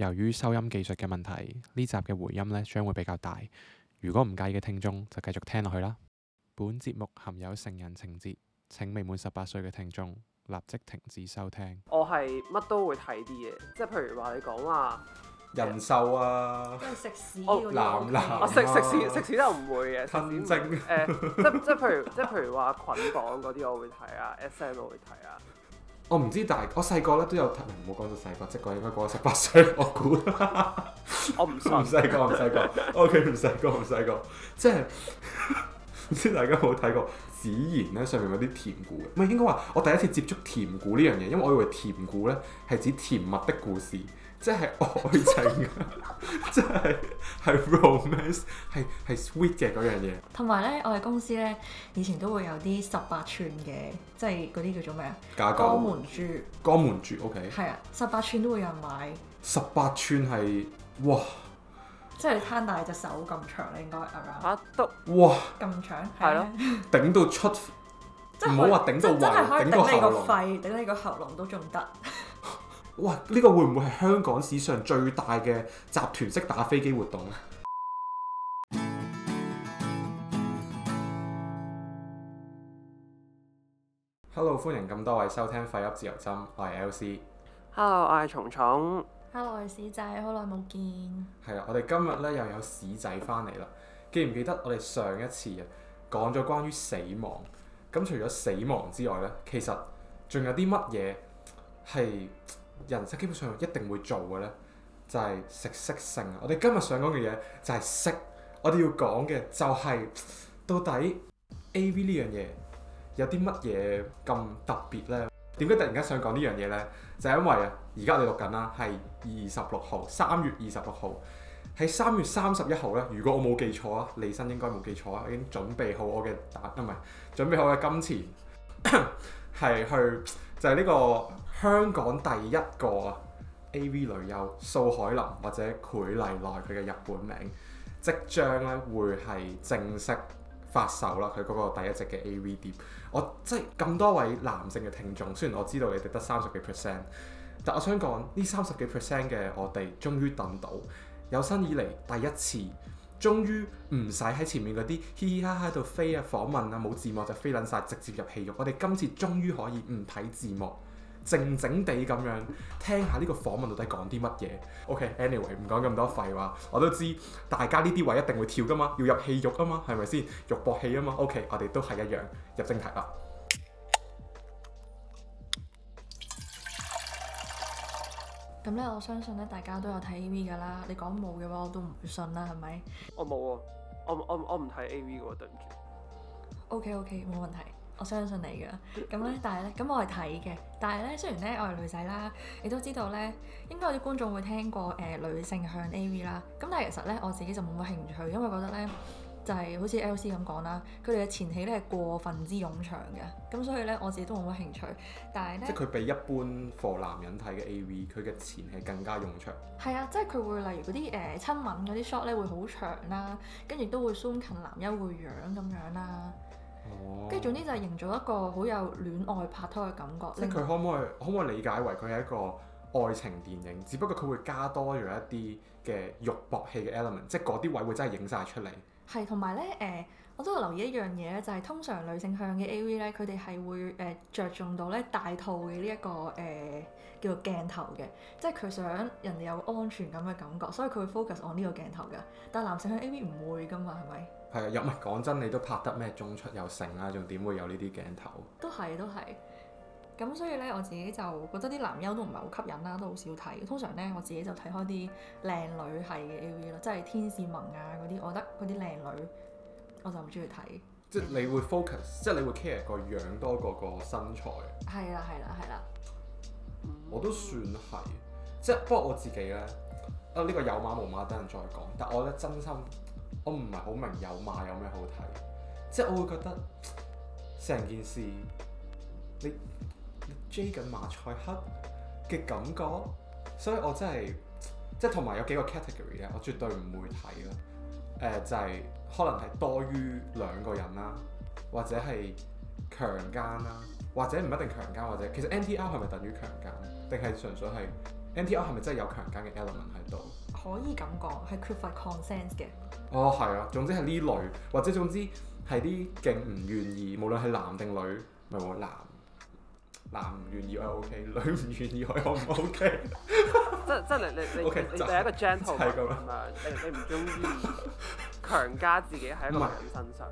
由於收音技術嘅問題，呢集嘅回音咧將會比較大。如果唔介意嘅聽眾，就繼續聽落去啦。本節目含有成人情節，請未滿十八歲嘅聽眾立即停止收聽。我係乜都會睇啲嘢，即係譬如話你講話人獸啊，即係食屎男男食食屎食屎都唔會嘅。親征誒，即即譬如即譬如話捆綁嗰啲，我會睇啊，SM 我會睇啊。我唔知大，但係我細個咧都有睇，唔好講到細個，即個應該過十八歲，我估。 我唔細個，唔細個，OK，唔細個，唔細個，即係唔知大家有冇睇過《紫然》咧？上面有啲甜故，唔係應該話我第一次接觸甜故呢樣嘢，因為我以為甜故咧係指甜蜜的故事。即係愛情啊！即係係 romance，係係 sweet 嘅嗰樣嘢。同埋咧，我哋公司咧以前都會有啲十八寸嘅，即係嗰啲叫做咩啊？肛門珠，肛門珠，OK。係啊，十八寸都會有人買。十八寸係哇，即係攤大隻手咁長啦，應該係咪哇啊？哇咁長，係咯，頂到出。唔好話頂到，真係可以頂到頂你個肺，頂你個喉嚨都仲得。哇！呢個會唔會係香港史上最大嘅集團式打飛機活動啊 ？Hello，歡迎咁多位收聽《廢噏自由針》，我係 L C。Hello，我係蟲蟲。Hello，我係史仔，好耐冇見。係啊，我哋今日咧又有史仔翻嚟啦。記唔記得我哋上一次呀講咗關於死亡？咁除咗死亡之外咧，其實仲有啲乜嘢係？人生基本上一定會做嘅呢就係食色性啊！我哋今日想講嘅嘢就係食，我哋要講嘅就係到底 AV 呢樣嘢有啲乜嘢咁特別呢？點解突然間想講呢樣嘢呢？就係因為啊，而家我哋錄緊啦，係二十六號，三月二十六號，喺三月三十一號呢，如果我冇記錯啊，李生應該冇記錯啊，已經準備好我嘅打，唔係準備好嘅金錢，係 去就係呢個。香港第一個 A.V. 女優素海琳或者繪麗奈佢嘅日本名，即將咧會係正式發售啦。佢嗰個第一隻嘅 A.V. 碟，我即係咁多位男性嘅聽眾，雖然我知道你哋得三十幾 percent，但我想講呢三十幾 percent 嘅我哋，終於等到有生以嚟第一次，終於唔使喺前面嗰啲嘻嘻嘻哈哈度飛啊，訪問啊，冇字幕就飛撚晒，直接入戲肉。我哋今次終於可以唔睇字幕。靜靜地咁樣聽下呢個訪問到底講啲乜嘢？OK，anyway，okay，唔講咁多廢話，我都知大家呢啲位一定會跳噶嘛，要入戲肉啊嘛，係咪先？肉搏戲啊嘛，OK，我哋都係一樣入正題啦。咁咧，我相信咧，大家都有睇 AV 噶啦。你講冇嘅話我我、啊，我都唔會信啦，係咪？我冇喎，我我我唔睇 AV 喎，對唔住。OK OK，冇問題。我相信你噶，咁咧，但係咧，咁我係睇嘅。但係咧，雖然咧，我係女仔啦，你都知道咧，應該有啲觀眾會聽過誒、呃、女性向 AV 啦。咁但係其實咧，我自己就冇乜興趣，因為覺得咧，就係、是、好似 L C 咁講啦，佢哋嘅前戲咧係過分之冗長嘅。咁所以咧，我自己都冇乜興趣。但係咧，即係佢比一般 for 男人睇嘅 AV，佢嘅前戲更加冗長。係啊，即係佢會例如嗰啲誒親吻嗰啲 shot 咧，會好長啦，跟住都會 zoom 近男優嘅樣咁樣啦。跟住總之就係營造一個好有戀愛拍拖嘅感覺。即係佢可唔可以可唔可以理解為佢係一個愛情電影，只不過佢會加多咗一啲嘅肉搏戲嘅 element，即係嗰啲位會真係影晒出嚟。係，同埋咧誒，我都留意一樣嘢咧，就係、是、通常女性向嘅 AV 咧，佢哋係會誒、呃、着重到咧大套嘅呢一個誒、呃、叫做鏡頭嘅，即係佢想人哋有安全感嘅感覺，所以佢會 focus on 呢個鏡頭㗎。但係男性向 AV 唔會㗎嘛，係咪？係啊，又唔係講真，你都拍得咩中出又成啊？仲點會有呢啲鏡頭？都係，都係。咁所以咧，我自己就覺得啲男優都唔係好吸引啦，都好少睇。通常咧，我自己就睇開啲靚女係嘅 AV 咯，即係天使萌啊嗰啲，我覺得嗰啲靚女我就唔中意睇。即係你會 focus，即係你會 care 個樣多過個個身材。係啦，係啦，係啦。我都算係，即係不過我自己咧，啊呢個有碼冇碼等陣再講，但我咧真心。我唔係好明有碼有咩好睇，即係我會覺得成件事你你追緊馬賽克嘅感覺，所以我真係即係同埋有幾個 category 咧，我絕對唔會睇啦。誒、呃、就係、是、可能係多於兩個人啦，或者係強姦啦，或者唔一定強姦，或者其實 NTR 係咪等於強姦，定係純粹係 NTR 係咪真係有強姦嘅 element 喺度？可以咁講，係缺乏 consent 嘅。哦，係啊，總之係呢類，或者總之係啲勁唔願意，無論係男定女，咪我男男唔願意係 OK，女唔願意係我唔 OK 即。即即你你 okay，你、即係、你第一個 gentle 係咁樣，你唔中意強加自己喺男人， 是人身上。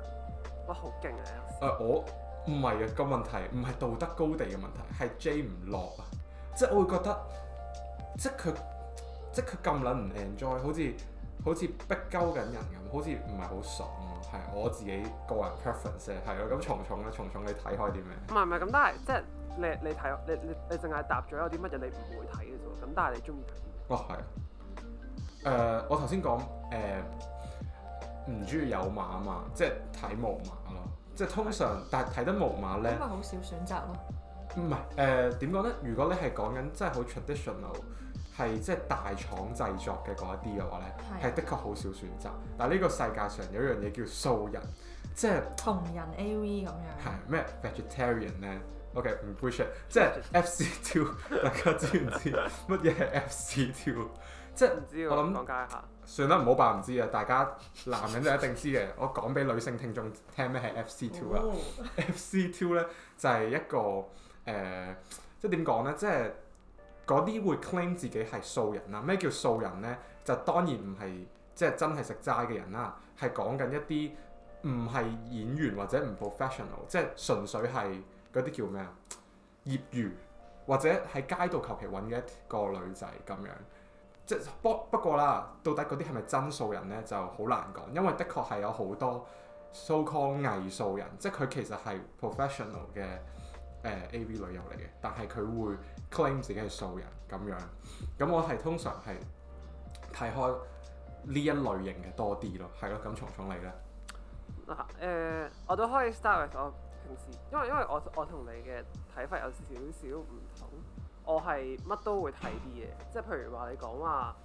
哇，好勁啊！你、呃、我唔係啊、嗰個問題，唔係道德高地嘅問題，係 J 唔落啊！即我會覺得，即佢。即即佢咁撚唔 enjoy，好似好似逼鳩緊人咁，好似唔係好，好爽咯。係我自己個人 preference 啫，係咯。咁重重咧，重重你你。你睇開啲咩？唔係唔係咁，但係即你你睇，你你你淨係答咗有啲乜嘢你唔會睇嘅啫。咁但係你中意睇啲咩？哦，係。誒、呃，我頭先講誒，唔中意有碼啊嘛，即係睇無碼咯。即係通常，但係睇得無碼咧，咁咪好少選擇咯。唔係誒，點講咧？如果你係講緊即係好 traditional。係即係大廠製作嘅嗰一啲嘅話呢，係的確好少選擇。但呢個世界上有一樣嘢叫素人，即係同人 AV 咁樣。係咩 vegetarian 呢？OK，唔 push。Okay, it，即係 FC two，大家知唔知乜嘢係 FC two？即係唔知啊。我想我講解下。算啦，唔好扮唔知啊！大家男人就一定知嘅。 我講俾女性聽眾聽咩係 FC two 啊、哦、FC two 呢就係、是、一個誒、呃，即係點講呢？即係。嗰啲會 claim 自己係素人啦，咩叫素人呢？就當然唔係即係真係食齋嘅人啦，係講緊一啲唔係演員或者唔 professional，即係純粹係嗰啲叫咩啊？業餘或者喺街度求其揾嘅一個女仔咁樣。即不不過啦，到底嗰啲係咪真素人呢？就好難講，因為的確係有好多 so called 偽素人，即係佢其實係 professional 嘅。誒、uh, A.V. 女優嚟嘅，但係佢會 claim 自己係素人咁樣，咁我係通常係睇開呢一類型嘅多啲咯，係咯，咁蟲重你咧？嗱、呃、誒，我都可以 start。我平時因為因為我我同你嘅睇法有少少唔同，我係乜都會睇啲嘢，即係譬如話你講話。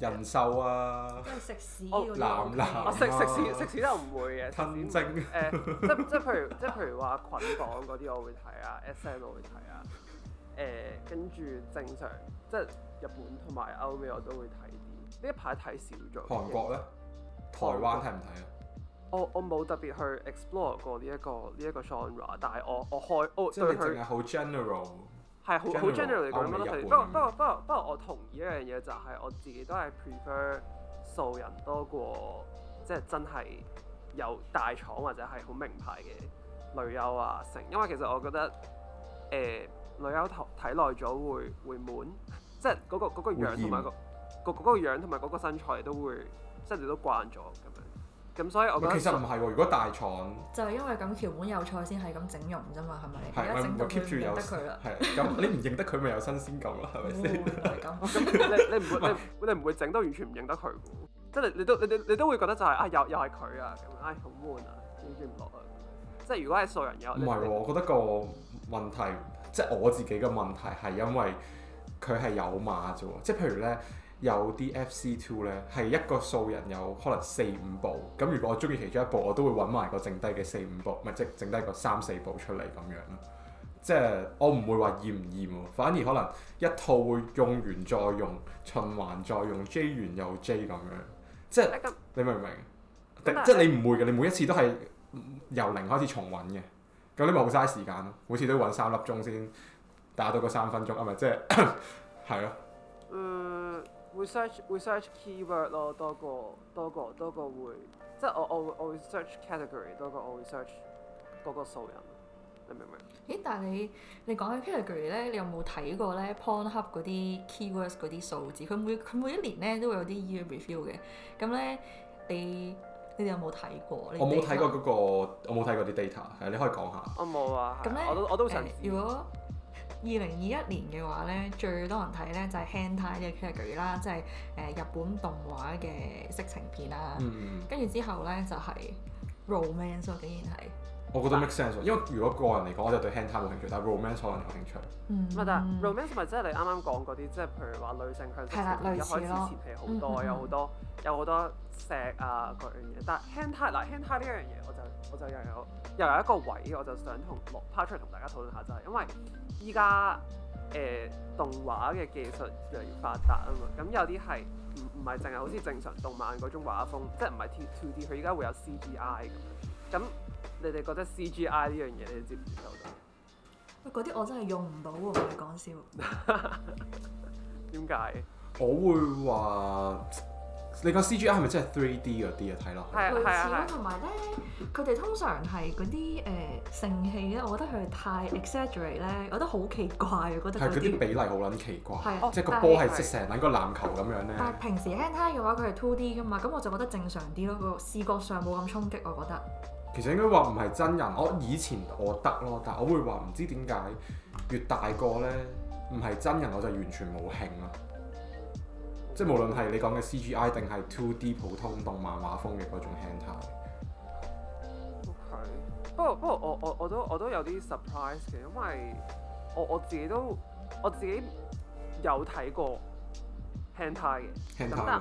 人獸啊，即係食屎嗰啲男男啊，食食屎食屎都唔會嘅。吞精正、呃、即即譬如即譬如話捆綁嗰啲我會睇啊，SM 我會睇啊。誒、呃，跟住正常即日本同埋歐美我都會睇啲。呢一排睇少咗。韓國咧，台灣睇唔睇啊？我我冇特別去 explore 過呢、呢、一個呢一、呢個 genre，但係我我開我、哦、即對佢。即係淨係好 general。係好好 generally 講，不過不過不過不過我同意一樣嘢就係、是、我自己都係 prefer 素人多過即係真係有大廠或者係好名牌嘅女優啊成，因為其實我覺得誒、呃、女優睇睇耐咗會會悶，即係、嗰個、嗰個嗰、嗰個同埋厭、嗰個、嗰個嗰個同埋嗰個身材都會即係你都慣咗咁樣。咁所以，我覺得其實唔係喎。如果大廠，就係因為咁橋本有菜先係咁整容啫嘛，係咪？係啊，keep 住有得佢啦。係咁你唔認得佢咪有新鮮感啦，係咪先？係咁。咁你你唔會你你唔會整到完全唔認得佢嘅。即係你都你你你都會覺得就係啊又又係佢啊咁，唉，好悶啊整唔落去。即係如果係素人有，唔係喎？我覺得個問題即係我自己嘅問題係因為佢係有碼啫喎。即係譬如咧。有啲 F.C. Two 咧，係一個素人有可能四五部，咁如果我中意其中一部，我都會揾埋個剩低嘅四五部，咪即剩低個三四部出嚟咁樣咯。即係我唔會話厭唔厭喎，反而可能一套會用完再用，循環再用，J 完又 J 咁樣。即係你明唔明？是即係你唔會嘅，你每一次都係由零開始重揾嘅，咁你咪好嘥時間咯，每次都要揾三粒鐘先打到嗰三分鐘，是是是 啊！咪即係係咯。research research keyword 咯，多個多個多個會，即係我我我 research category 多過我 research 嗰個數人，你明唔明？咦？但係你你講緊 category 咧，你有冇睇過咧 Pornhub 嗰啲 keywords 嗰啲數字？佢每佢每一年咧都會有啲 year review 嘅，咁咧你你哋有冇睇過？我冇睇過嗰個，我冇睇過啲 data，係你可以講下。我冇啊。咁咧、啊呢，我都我都想、呃。如果二零二一年嘅話咧，最多人睇咧就係 hand tie 嘅劇集啦，即係誒日本動畫嘅色情片啦。嗯嗯。跟住之後咧就係 romance，竟然係。我覺得 make sense，因為如果個人嚟講，我就對 hand tie 冇興趣，但係 romance 可能有興趣。唔係，但 romance 咪即係你啱啱講嗰啲，即係譬如話女性佢向，一開始前期好多，有好多有好多石啊嗰樣嘢。但係 hand tie 嗱 hand tie 呢樣嘢，我就～我就又有又有一個位，我就想同攞 part 出嚟同大家討論下，就係因為依家誒動畫嘅技術越嚟越發達啊嘛，咁有啲係唔唔係淨係好似正常動漫嗰種畫風，即係唔係 T two D，佢依家會有 C G I 咁。你哋覺得 C G I 呢樣嘢，你接唔接受？喂，嗰啲我真係用唔到喎，唔係講笑。點解 麼？我會話。你講 C G I 係咪真係 three D 嗰啲啊？睇落係似啊！同埋咧，佢哋通常係嗰啲誒性器咧，我覺得佢係太 exaggerate 咧，我覺得好奇怪。覺得係啲比例好撚奇怪，係是、哦、即係個波係積成撚個籃球咁樣咧。但係平時 hand tie 嘅話，佢係 two D 㗎嘛，咁我就覺得正常啲咯，個視覺上冇咁衝擊，我覺得。其實應該話唔係真人，我以前我得咯，但係我會話唔知點解越大個咧，唔係真人我就完全冇興啊。即係無論係你講嘅 C G I 定係 two D 普通動漫畫風嘅嗰種 Hentai，OK 不過不過我我我都我都有啲 surprise 嘅，因為我我自己都我自己有睇過 Hentai 嘅，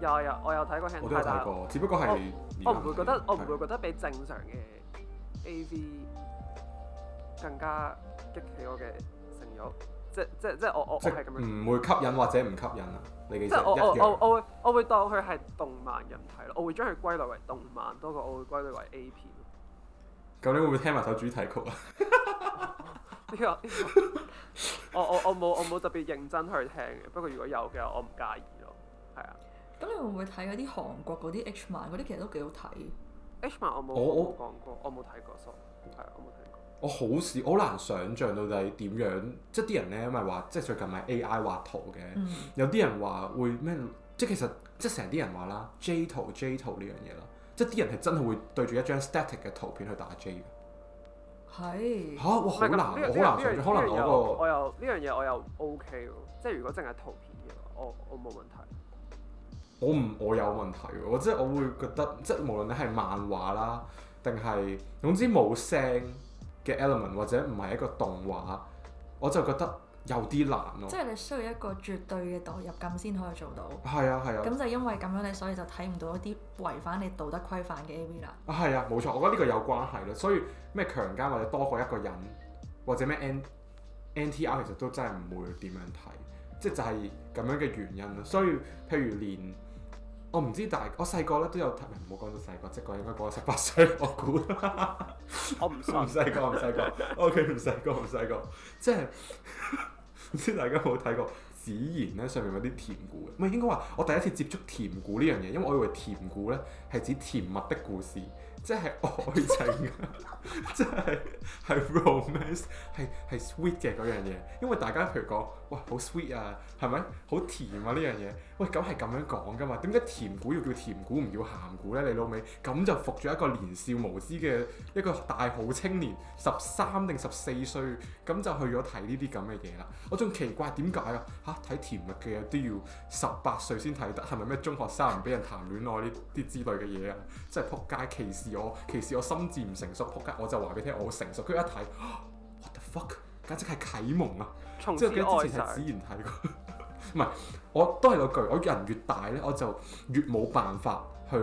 有有我有睇過 Hentai，睇過只不過係我唔會覺得的我唔會覺得比正常嘅 A V 更加激起我嘅性慾。即即即我我係咁樣，唔會吸引或者唔吸引啊！你嘅意思係。我我我會我會當佢係動漫嚟睇咯，我會將佢歸類為動漫，多過我會歸類為 A 片。咁你會唔會聽埋首主題曲啊？我我我冇我冇特別認真去聽嘅，不過如果有嘅我唔介意咯。係啊，咁你會唔會睇嗰啲韓國嗰啲 H 漫嗰啲其實都幾好睇？H 漫我冇我冇講過，我冇睇過，係啊，我冇睇過。我好少，好難想象到底點樣。即啲人咧咪話，即最近咪 A.I. 畫圖嘅。嗯、有啲人話會咩？即其實即成啲人話啦，J 圖 J 圖呢樣嘢啦。即啲人係真係會對住一張 static 嘅圖片去打 J 嘅。係嚇哇！好、啊、難，這個、我好難想象。可能、那個、我個我又呢樣嘢，我又、這個、O.K. 喎。即如果淨係圖片嘅話，我我冇問題。我唔我有問題喎。即我，我，我會覺得即無論你係漫畫啦，定係總之冇聲。嘅 element 或者唔係一個動畫，我就覺得有啲難咯、啊。即係你需要一個絕對嘅代入感先可以做到。係啊係啊。咁、啊、就因為咁樣你所以就睇唔到一啲違反你道德規範嘅 AV 啦。係啊，冇、啊、錯，我覺得呢個有關係咯。所以咩強姦或者多過一個人或者咩 N NTR 其實都真係唔會點、就是、樣睇，即係就係咁樣嘅原因咯。所以譬如連我唔知大，大我細個咧都有唔好講到細個，即個應該講到十八歲，我估。 我唔細個，唔細個，OK，唔細個，唔細個，即係唔知大家有冇睇過紫然呢咧上面嗰啲甜古？唔係應該話我第一次接觸甜古呢樣嘢，因為我以為甜古咧係指甜蜜的故事，即係愛情，即係係 romance，係係 sweet 嘅嗰樣嘢。因為大家譬如講。嘩，好 sweet 啊，係咪？好甜啊呢樣嘢，喂，咁係咁樣講噶嘛？點解甜古要叫甜古，唔要鹹古咧？你老味，咁就服咗一個年少無知嘅一個大好青年，十三定十四歲，咁就去咗睇呢啲咁嘅嘢啦。我仲奇怪點解啊？嚇睇甜蜜嘅都要十八歲先睇得，係咪咩中學生唔俾人談戀愛呢啲之類嘅嘢啊？真係撲街歧視我，歧視我心智唔成熟，撲街我就話俾你聽，我成熟。佢一睇，啊，what the fuck，簡直係啟蒙啊！即係記得之前係自然睇過，唔係 我都係嗰句，我人越大咧，我就越冇辦法去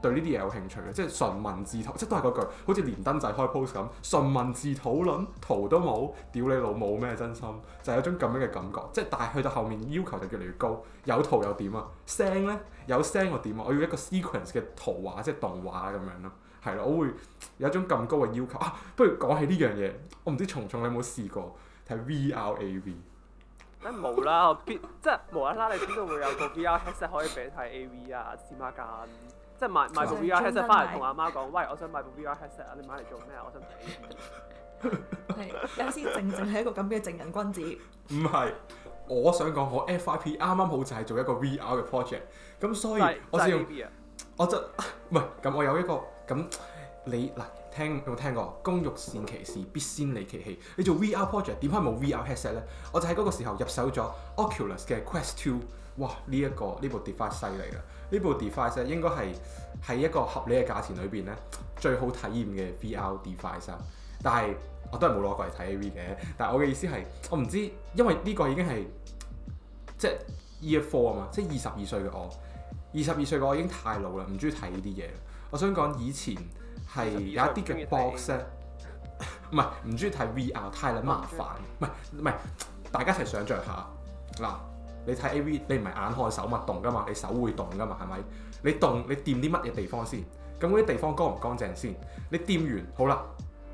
對呢啲嘢有興趣嘅，即係純文字圖，即係都係嗰句，好似連登仔開 post 咁，純文字討論圖都冇，屌你老母咩真心？就係、是、有一種咁樣嘅感覺，即係但係去到後面要求就越嚟越高，有圖又點啊？聲咧有聲又點啊？我要一個 sequence 嘅圖畫，即係動畫咁樣咯，係咯，我會有一種咁高嘅要求啊。不如講起呢樣嘢，我唔知蟲蟲你有冇試過？係 VR AV，梗冇啦，我即係無啦啦，你邊度會有個 VR headset 可以俾你睇 AV 啊？試下間，即係買買，買部 VR headset 翻嚟同阿媽講，喂，我想買部 VR headset 啊！你買嚟做咩啊？我想睇 AV。有啲正正係一個咁嘅正人君子。唔係，我想講我 FIP 啱啱好就係做一個 VR 嘅 project，咁所以我先用，就是、我就唔係咁。呃呃呃呃、我有一個咁、呃、你嗱。聽有冇聽過，工欲善其事，必先利其器。你做 VR project 點可以冇 VR headset 咧？我就喺嗰個時候入手咗 Oculus 嘅 Quest Two，哇！呢、這、一個呢部 device 犀利啊！呢部 device 應應該係喺一個合理嘅價錢裏邊咧最好體驗嘅 VR device 啦。但係我都係冇攞過嚟睇 AV 嘅。但係我嘅意思係，我唔知，因為呢個已經係即係 Year Four 啊嘛，即係二十二歲嘅我，二十二歲嘅我已經太老啦，唔中意睇呢啲嘢。我想講以前。係有一啲嘅 box 咧，唔係唔中意睇 VR 太撚麻煩，唔係唔係，大家一齊想像下嗱，你睇 AV 你唔係眼看手勿動噶嘛，你手會動噶嘛係咪？你動你掂啲乜嘢地方先？咁嗰啲地方乾唔乾淨先？你掂完好啦，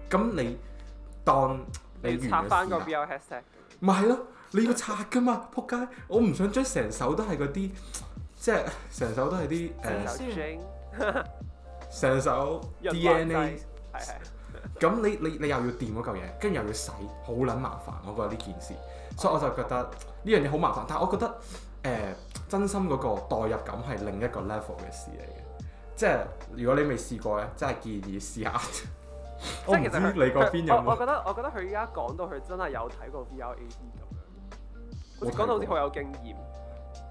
咁你當你插翻個 VR hashtag 咪係咯？你要拆噶嘛？仆街！我唔想將成手都係嗰啲，即係成手都係啲誒。Uh, 成手 DNA，咁你你你又要掂嗰嚿嘢，跟住又要洗，好撚麻煩。我覺得呢件事，所以我就覺得呢、嗯、樣嘢好麻煩。但係我覺得誒、呃，真心嗰個代入感係另一個 level 嘅事嚟嘅。即係如果你未試過咧，真係建議試下。 即係是其實你嗰邊有，有我？我覺得我覺得佢依家講到佢真係有睇過 VRAT 咁樣，講到好似好有經驗。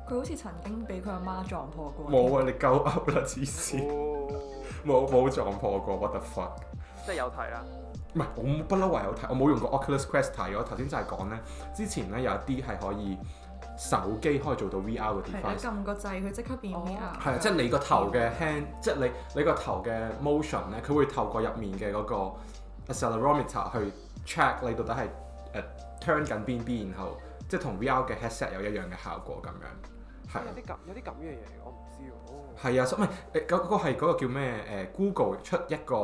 佢好似曾經俾佢阿媽撞破過。冇啊！你鳩噏啦，黐線！冇冇、哦、撞破過 What the fuck！即係有睇啦，唔係我不嬲話有睇，我冇用過 Oculus Quest 睇。我頭先就係講咧，之前咧有一啲係可以手機可以做到 VR 嘅 device。撳個掣佢即刻變 VR。係、哦、啊，即係你個頭嘅 hand，即係你你個頭嘅 motion 咧，佢會透過入面嘅嗰個 accelerometer 去 check 你到底係誒 turn 緊邊邊，然後，邊邊然後即係同 VR 嘅 headset 有一樣嘅效果咁樣。係、啊、有啲咁有啲咁嘅嘢，我唔知喎、啊。係啊，所唔係誒嗰個係嗰個叫咩？誒、欸、Google 出一個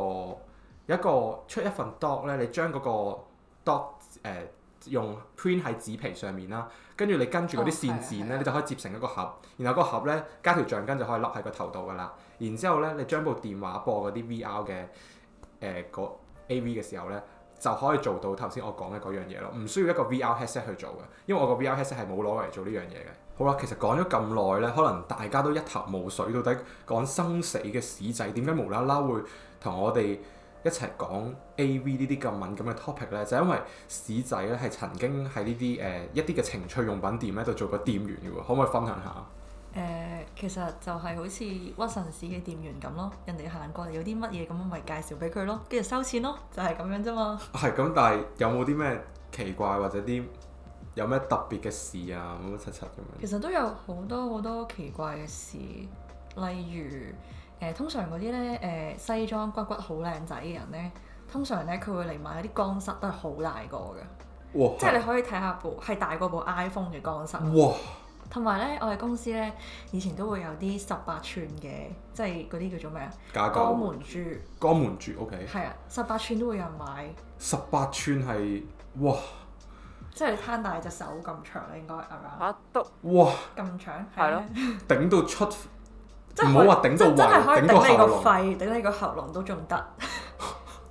有一個出一份 doc 咧，你將嗰個 doc 誒、欸、用 print 喺紙皮上面啦，跟住你跟住嗰啲線剪咧，哦啊啊、你就可以接成一個盒，然後個盒咧加條橡筋就可以笠喺個頭度噶啦。然之後咧，你將部電話播嗰啲 VR 嘅誒嗰 AV 嘅時候咧，就可以做到頭先我講嘅嗰樣嘢咯。唔需要一個 VR headset 去做嘅，因為我個 VR headset 係冇攞嚟做呢樣嘢嘅。好啦，其實講咗咁耐咧，可能大家都一頭霧水，到底講生死嘅史仔點解無啦啦會同我哋一齊講 AV 呢啲咁敏感嘅 topic 咧？就係、因為史仔咧係曾經喺呢啲誒一啲嘅情趣用品店咧度做過店員嘅喎，可唔可以分享下？誒、呃，其實就係好似屈臣氏嘅店員咁咯，人哋行過嚟有啲乜嘢咁咪介紹俾佢咯，跟住收錢咯，就係、係、咁樣啫嘛。係咁，但係有冇啲咩奇怪或者啲？有咩特別嘅事啊？乜乜七七咁樣？其實都有好多好多奇怪嘅事，例如誒、呃，通常嗰啲咧誒西裝骨骨好靚仔嘅人咧，通常咧佢會嚟買嗰啲肛塞都係好大個嘅，哇即係你可以睇下部係是大過部 iPhone 嘅肛塞。哇！同埋咧，我哋公司咧以前都會有啲十八寸嘅，即係嗰啲叫做咩啊？肛假門珠，肛門珠，OK。係啊，十八寸都會有人買。十八寸係哇！即係你攤大隻手咁長啦，應該係咪啊？哇，咁長係咯，了 頂到出，即係唔好話頂到壞頂，頂你個肺，頂你個喉嚨都仲得，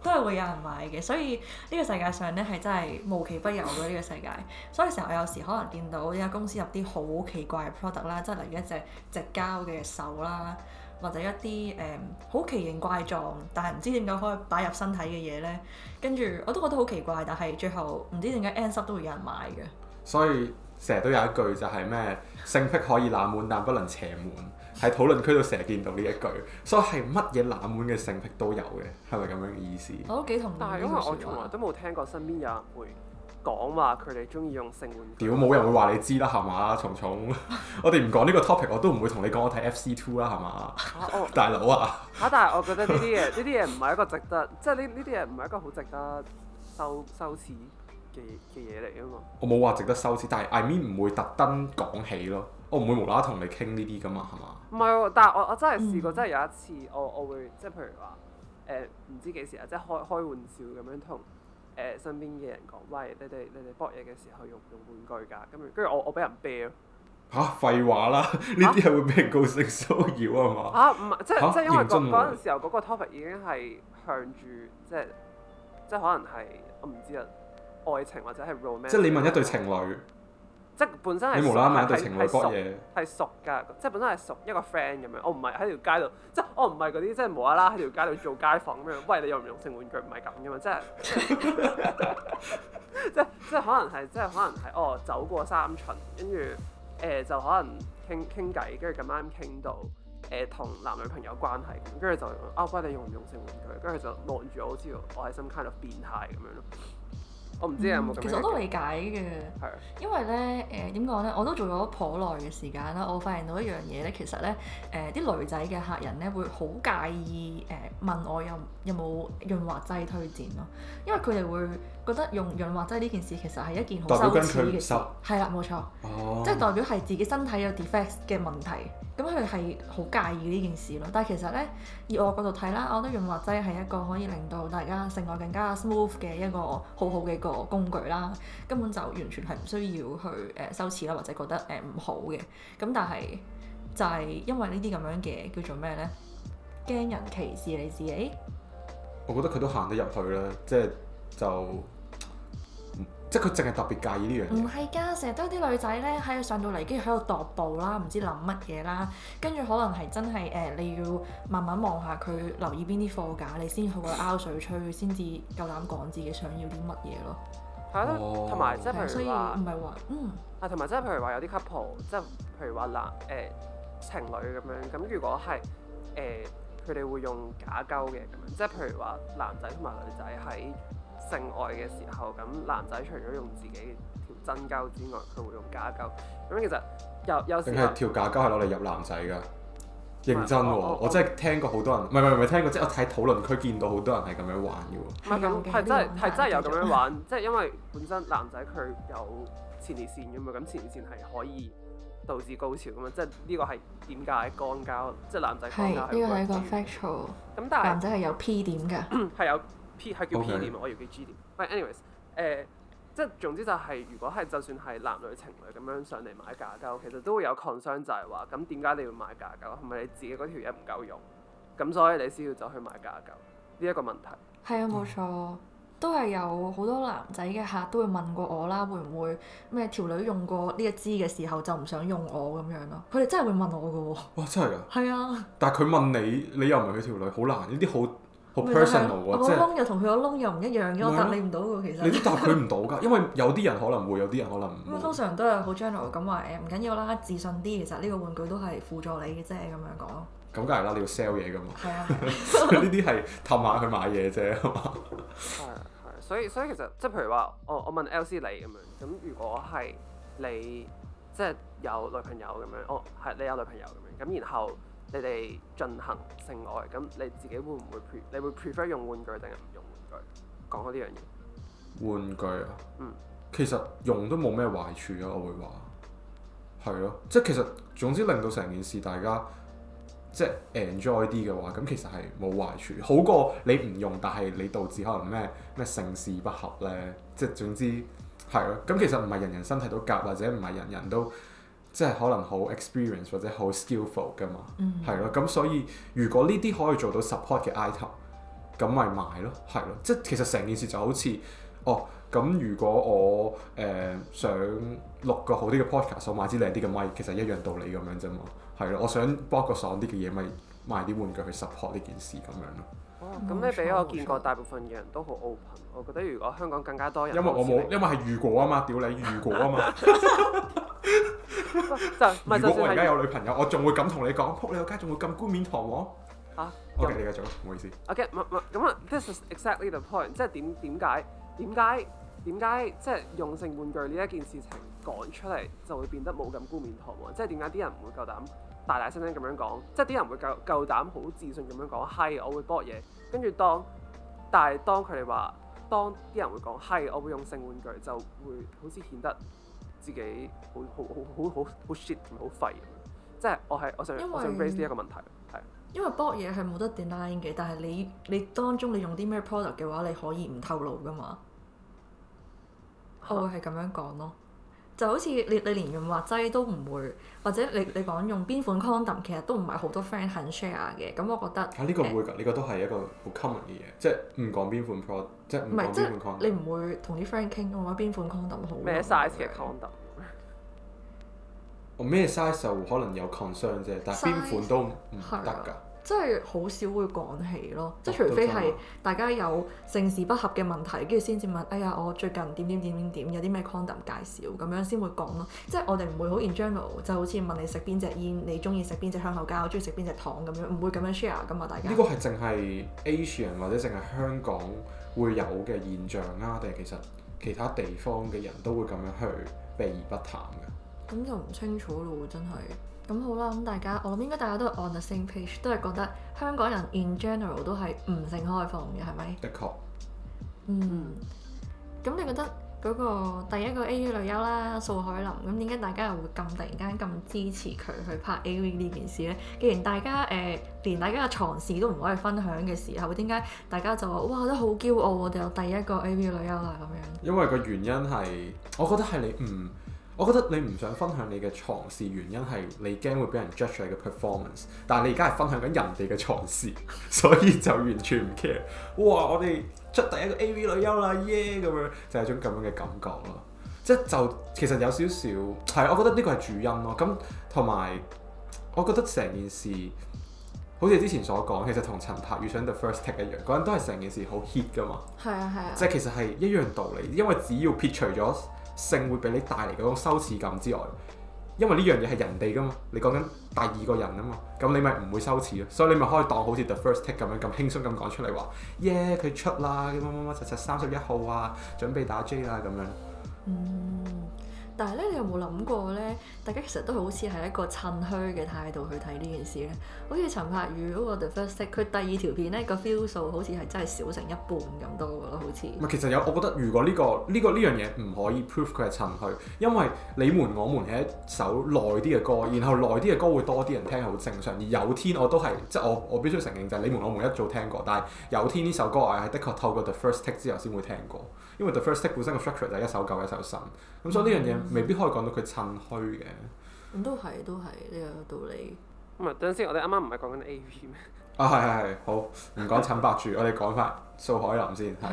都係會有人買嘅。所以呢個世界上咧係真係無奇不有嘅呢個世界。所以成日我有時可能見到而家公司入啲好奇怪嘅 product 啦，即係例如一隻直膠嘅手啦。或者一啲誒、嗯、好奇形怪狀，但係唔知點解可以擺入身體嘅嘢咧，跟住我都覺得好奇怪，但係最後唔知點解 ends up 都會有人買嘅。所以成日都有一句就係咩，性癖可以冷門，但不能邪門，喺討論區度成日見到呢一句，所以係乜嘢冷門嘅性癖都有嘅，係咪咁樣嘅意思？我都幾同意，但係因為我從來都冇聽過身邊有人會講話佢哋中意用性玩具？屌冇人會話你知啦，係嘛，蟲蟲。 我哋唔講呢個 topic，我都唔會同你講我睇 FC Two 啦，係嘛。大佬啊！嚇！ 但係我覺得呢啲嘢，呢啲嘢唔係一個值得，即係呢呢啲嘢唔係一個好值得羞羞恥嘅嘅嘢嚟啊嘛。我冇話值得羞恥，但係 I mean 唔會特登講起咯。我唔會無啦啦同你傾呢啲噶嘛，係嘛？唔係喎，但係我我真係試過，嗯、真係有一次，我我會即係譬如話誒唔知幾時啊，即係開開玩笑咁樣同。誒、呃、身邊嘅人講，喂，你哋你哋搏嘢嘅時候用用玩具㗎？咁跟住我我俾人啤。嚇、啊、廢話啦！呢啲係會俾人告性騷擾啊嘛？嚇唔係即、啊、即因為嗰嗰陣時候嗰個 topic 已經係向住即即可能係我唔知啊愛情或者係 romance。即你問一對情侶。即本身係熟係熟，係熟噶，即本身係熟一個 friend 咁樣。我唔係喺條街度，即我唔係嗰啲即無啦啦喺條街度做街訪咁樣。喂，你用唔用性玩具？唔係咁噶嘛，即 即即，即，即可能係即可能係哦，走過三巡，跟住誒就可能傾傾偈，跟住咁啱傾到誒同男女朋友關係，跟住就啊、哦、喂，你用唔用性玩具？跟住就望住我好似我係 some kind of 變態咁樣咯。我唔知、嗯、有冇。其實我都理解嘅，的因為咧，誒點講咧，我都做咗頗耐嘅時間啦，我發現到一樣嘢咧，其實咧，誒、呃、啲女仔嘅客人咧會好介意誒、呃、問我有有冇潤滑劑推薦咯，因為佢哋會覺得用潤滑劑呢件事其實係一件好羞恥嘅事，係啦，冇錯，即係代表係、哦、自己身體有 defect 嘅問題，咁佢係好介意呢件事咯。但係其實咧，以我角度睇啦，我覺得潤滑劑係一個可以令到大家成個更加 smooth 嘅一個好好嘅，個工具啦，根本就完全係唔需要去誒羞恥啦，或者覺得誒唔、呃、好嘅。咁但係就係因為呢啲咁樣嘅叫做咩咧？驚人歧視你自己，我覺得佢都行得入去啦，即、就、係、是、就。即係佢淨係特別介意呢樣嘢。唔係㗎，成日都有啲女仔咧喺上到嚟，跟住喺度踱步啦，唔知諗乜嘢啦。跟住可能係真係誒、呃，你要慢慢望下佢留意邊啲貨架，你先去勾水吹，先至夠膽講自己想要啲乜嘢咯。係咯、哦，同埋即係譬如話，唔係話，嗯。啊，同埋即係譬如話有啲 couple，即係譬如話男誒、呃、情侶咁樣。咁如果係誒佢哋會用假勾嘅咁樣，即係譬如話男仔同埋女仔喺。性愛嘅時候，咁男仔除咗用自己條真膠之外，佢會用假膠。咁其實有有時，定係條假膠係攞嚟入男仔噶。是認真喎，是哦、我真係聽過好多人，唔係唔係唔係聽過，即係我睇討論區見到好多人係咁樣玩嘅喎。係咁，係真係係真係有咁樣玩，即係 因為本身男仔佢有前列腺噶嘛，咁前列腺係可以導致高潮噶嘛，即係呢個係點解肛交即係男仔係呢個係一個 factual。咁但係男仔係有 P 點㗎，係是有。 P 係叫 P 點啊，我要叫 G 點。喂，anyways，誒、呃，即係總之就係、是，如果係就算係男女情侶咁樣上嚟買架膠，其實都會有 concern、就是，就係話咁點解你要買架膠？係咪你自己嗰條嘢唔夠用？咁所以你先要走去買架膠呢一個問題。係啊，冇錯，都係有好多男仔嘅客都會問過我啦，會唔會咩條女用過呢一支嘅時候就唔想用我咁樣咯？佢哋真係會問我㗎喎。哇，真係㗎。係啊。但係佢問你，你又唔係佢條女，好難呢啲好。好 personal 喎，即係個窿又同佢個窿又唔一樣嘅，啊、我答你唔到嘅其實。你都答佢唔到㗎， 因為有啲人可能會，有啲人可能唔會。咁通常都係好 general 咁話誒，唔緊要啦，自信啲。其實呢個玩具都係輔助你嘅啫，咁樣講。咁梗係啦，你要 sell 嘢㗎嘛。係啊。呢啲係氹下去買嘢啫嘛。係 啊係、啊啊，所以所以其實即係譬如話，我我問 L C 你咁樣，咁如果係你即係有女朋友咁樣，哦、就、係、是你，就是、你有女朋友咁樣，咁然、然後。你哋進行性愛，咁你自己會唔會 pre？你會 prefer 用玩具定係唔用玩具？講咗呢樣嘢。玩具啊。嗯。其實用都冇咩壞處啊。我會話。係咯、啊，即係其實總之，總之令到成件事大家即係 enjoy 啲嘅話，咁其實係冇壞處，好過你唔用，但係你導致可能咩咩性事不合咧，即係總之係咯。咁、啊、其實唔係人人身體都夾，或者唔係人人都。即係可能好 experience 或者好 skillful 噶嘛，係咯、嗯。咁所以如果呢啲可以做到 support 嘅 item，咁咪買咯，係咯。即係其實成件事就好似哦，咁如果我誒、呃、想錄個好啲嘅 podcast，買支靚啲嘅 mic，其實一樣道理咁樣啫嘛，係咯。我想播個爽啲嘅嘢，咪買啲玩具去 support 呢件事咁樣咯。哦，咁你俾我見過大部分嘅人都好 open，我覺得如果香港更加多人，因為我冇，因為係如果啊嘛，屌你，如果啊嘛。 就唔係， 如果我而家有女朋友，我仲會咁同你講，撲你個街仲會咁冠冕堂皇嚇？OK，理解咗，唔好意思。OK，咁啊，This is exactly the point，即係點點解點解點解即係用性玩具呢一件事情講出嚟就會變得冇咁冠冕堂皇？ 即係點解啲人唔會夠膽，膽大大聲聲咁樣講？即係啲人會夠夠膽好自信咁樣講係、嗯，我會博嘢。跟住當但係當佢哋話，當啲人會講係，我會用性玩具就會好似顯得。自己好好好好好好 shit 同埋好廢，即係我係我想為我想 raise 呢一個問題，係因為 book 嘢係冇得 design 嘅，但係你你當中你用啲咩 product 嘅話，你可以唔透露噶嘛？哈我會係咁樣講咯。就好似你你連潤滑劑都唔會，或者你你講用邊款 condom，其實都唔係好多 friend 肯 share 嘅。咁我覺得嚇呢、啊呢個唔會㗎，呢、uh, 個都係一個好 common 嘅嘢，即係、pro, pro, 是即係唔講邊款 product，即係唔講邊款即你唔會同啲 friend 傾嘅話，邊款 condom 好咩 size 嘅 condom？我咩、哦、size 就可能有 concern 啫，但係邊款都唔得㗎。Size? 即係好少會講起咯，即係除非係大家有性事不合嘅問題，跟住先至問，哎呀，我最近點點點點點有啲咩 condom 介紹，咁樣先會講咯。即係我哋唔會好 general，就好似問你食邊隻煙，你中意食邊隻香口膠，中意食邊隻糖咁樣，唔會咁樣 share 㗎嘛。大家呢個係淨係 Asian 或者淨係香港會有嘅現象啦，定係其實其他地方嘅人都會咁樣去避而不談嘅？咁就唔清楚咯，真係。咁好啦，咁大家我諗應該大家都 on the same page，都係覺得香港人 in general 都係唔性開放嘅，係咪？的確。嗯。咁你覺得嗰個第一個 AV 女優啦，素海霖，咁點解大家又會咁突然間咁支持佢去拍 AV 呢件事呢？既然大家誒、呃、連大家嘅床事都唔可以分享嘅時候，點解大家就話，哇，都好驕傲，我哋有第一個 AV 女優啦咁樣？因為個原因係，我覺得係你唔。嗯我覺得你唔想分享你嘅床事原因係你驚會俾人 judge 你嘅 performance，但係你而家係分享緊人哋嘅床事，所以就完全唔 care。哇！我哋出第一個 AV 女優啦，耶、yeah!！咁、就是、樣就係種咁樣嘅感覺咯。即係就其實有少少係，我覺得呢個係主因咯。咁同埋我覺得成件事好似之前所講，其實同陳柏宇上 The First Take 一樣，嗰陣都係成件事好 hit 噶嘛。係啊係啊，啊即係其實係一樣道理，因為只要撇除咗。性會俾你帶嚟嗰種羞恥感之外，因為呢樣嘢係人哋噶嘛，你講緊第二個人啊嘛，咁你咪唔會羞恥咯，所以你咪可以當好似 The First Take 咁樣咁輕鬆咁講出嚟話耶，佢、yeah, 出啦，咁乜乜乜實實三十一號啊，準備打 J 啦咁、啊、樣。嗯。但係咧，你有冇諗過咧？大家其實都好似係一個趁虛嘅態度去睇呢件事咧。好似陳柏宇嗰個 The First Take，佢第二條片咧，個 feel 數好似係真係少成一半咁多嘅咯，覺得好似。唔係，其實有，我覺得如果呢個呢個呢樣嘢唔可以 proof 佢係趁虛，因為《你們我們》係一首耐啲嘅歌，然後耐啲嘅歌會多啲人聽係好正常。而有天我都係，即係我我必須承認就係《你們我們》一早聽過，但係有天呢首歌我係的確透過 The First Take 之後先會聽過。因為 The First Take 本身嘅 structure 就係一手舊一手新，咁所以呢樣嘢未必可以講到佢襯虛嘅。咁都係，都係，呢個道理。咁係等陣先，我哋啱啱唔係講緊 A V 咩？啊係係係，好唔講陳百柱，我哋講翻素海霖先。係。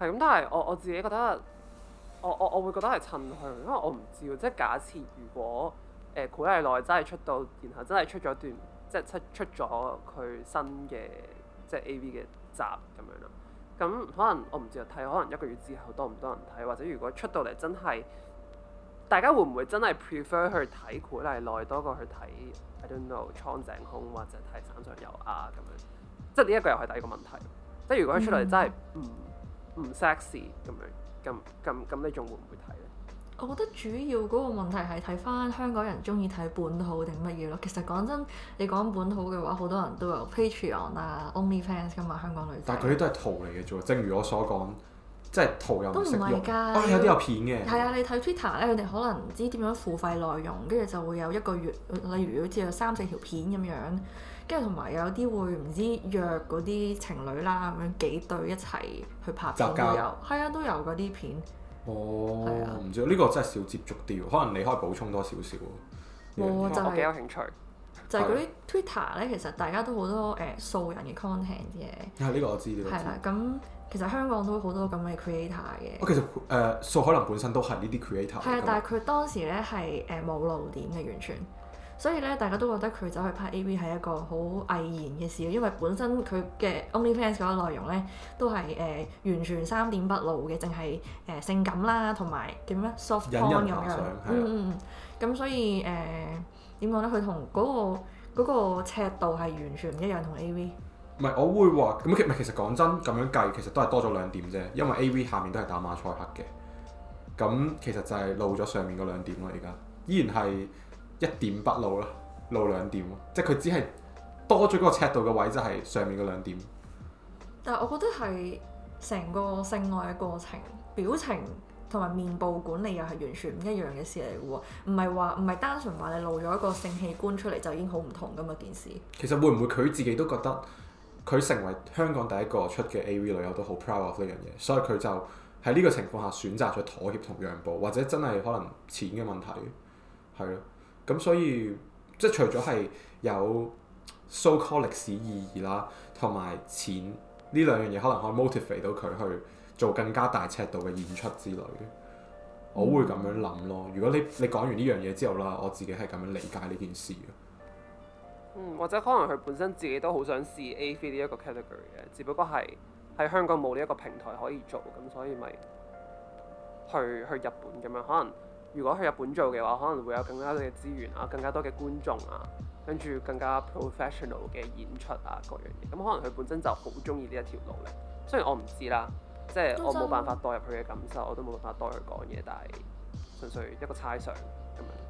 係咁，但係我我自己覺得，我我我會覺得係襯虛，因為我唔知喎，即係假設如果誒繪麗奈真係出到，然後真係出咗段，即係出出咗佢新嘅，即係 A V 嘅集咁樣啦。咁可能我唔知道睇，可能一個月之後多唔多人睇，或者如果出到嚟真係大家會唔會真係 prefer 去睇《繪麗奈》多過去睇《I don't know》《蒼井空》或者睇《三上悠亞》啊咁樣，即係呢一個又係第二個問題，即係如果出到嚟真係唔唔 sexy 咁樣咁咁咁，你仲會唔會睇咧？我覺得主要嗰個問題係睇翻香港人中意睇本土定乜嘢咯。其實講真，你講本土嘅話，好多人都有 Patreon 啊、OnlyFans 㗎嘛。香港女仔，但係佢啲都係圖嚟嘅啫，正如我所講，即係圖、哦、有都唔係㗎。啊，有啲有片嘅。係啊，你睇 Twitter 咧，佢哋可能唔知點樣付費內容，跟住就會有一個月，例如好似有三四條片咁樣。跟住同埋有啲會唔知約嗰啲情侶啦，咁樣幾對一齊去拍片都有。雜交。係啊，都有嗰啲片。哦，係啊、oh, Yeah.，唔知呢個真係少接觸啲喎，可能你可以補充多少少喎。我我幾有興趣，就係嗰啲 Twitter 咧，其實大家都好多誒、呃、素人嘅 content 嘅。係呢、yeah, 個我知道，係啦的。咁其實香港都好多咁嘅 creator 嘅。其實誒、呃、素人可能本身都係呢啲 creator。係啊，但係佢當時咧係誒冇露點嘅完全。所以咧，大家都覺得佢走去拍 A.V 係一個好毅然嘅事，因為本身佢嘅 OnlyFans 嗰個內容咧都係誒、呃、完全三點不露嘅，淨係誒性感啦，同埋點咧 soft porn 咁樣。Soft、隱隱嗯嗯咁、嗯嗯、所以誒點講咧，佢同嗰個尺度係完全唔一樣同 A.V。唔係，我會話咁其唔係其實講真咁樣計，其實都係多咗兩點啫，因為 A.V 下面都係打馬賽克嘅。咁其實就係露咗上面嗰兩點咯，而家依然係。一點不露啦，露兩點，即係佢只係多咗嗰個尺度嘅位，就係上面嗰兩點。但係我覺得係成個性愛嘅過程、表情同埋面部管理又係完全唔一樣嘅事嚟嘅喎，唔係話唔係單純話你露咗一個性器官出嚟就已經好唔同㗎嘛？件事其實會唔會佢自己都覺得佢成為香港第一個出嘅 A.V. 女優都好 proud of 呢樣嘢，所以佢就喺呢個情況下選擇咗妥協同讓步，或者真係可能錢嘅問題係咯。咁所以即係除咗係有 so called 歷史意義啦，同埋錢呢兩樣嘢可能可以 motivate 到佢去做更加大尺度嘅演出之類嘅。我會咁樣諗咯。如果你你講完呢樣嘢之後啦，我自己係咁樣理解呢件事嘅。嗯，或者可能佢本身自己都好想試 AV 呢一個 category 嘅，只不過係喺香港冇呢一個平台可以做，咁所以咪去去日本咁樣可能。如果去日本做嘅話，可能會有更加多嘅資源啊，更加多嘅觀眾啊，跟住更加 professional 嘅演出啊，各樣嘢。咁、嗯、可能佢本身就好中意呢一條路咧。雖然我唔知啦，即係我冇辦法代入佢嘅感受，我都冇辦法代佢講嘢，但係純粹一個猜想。咁樣。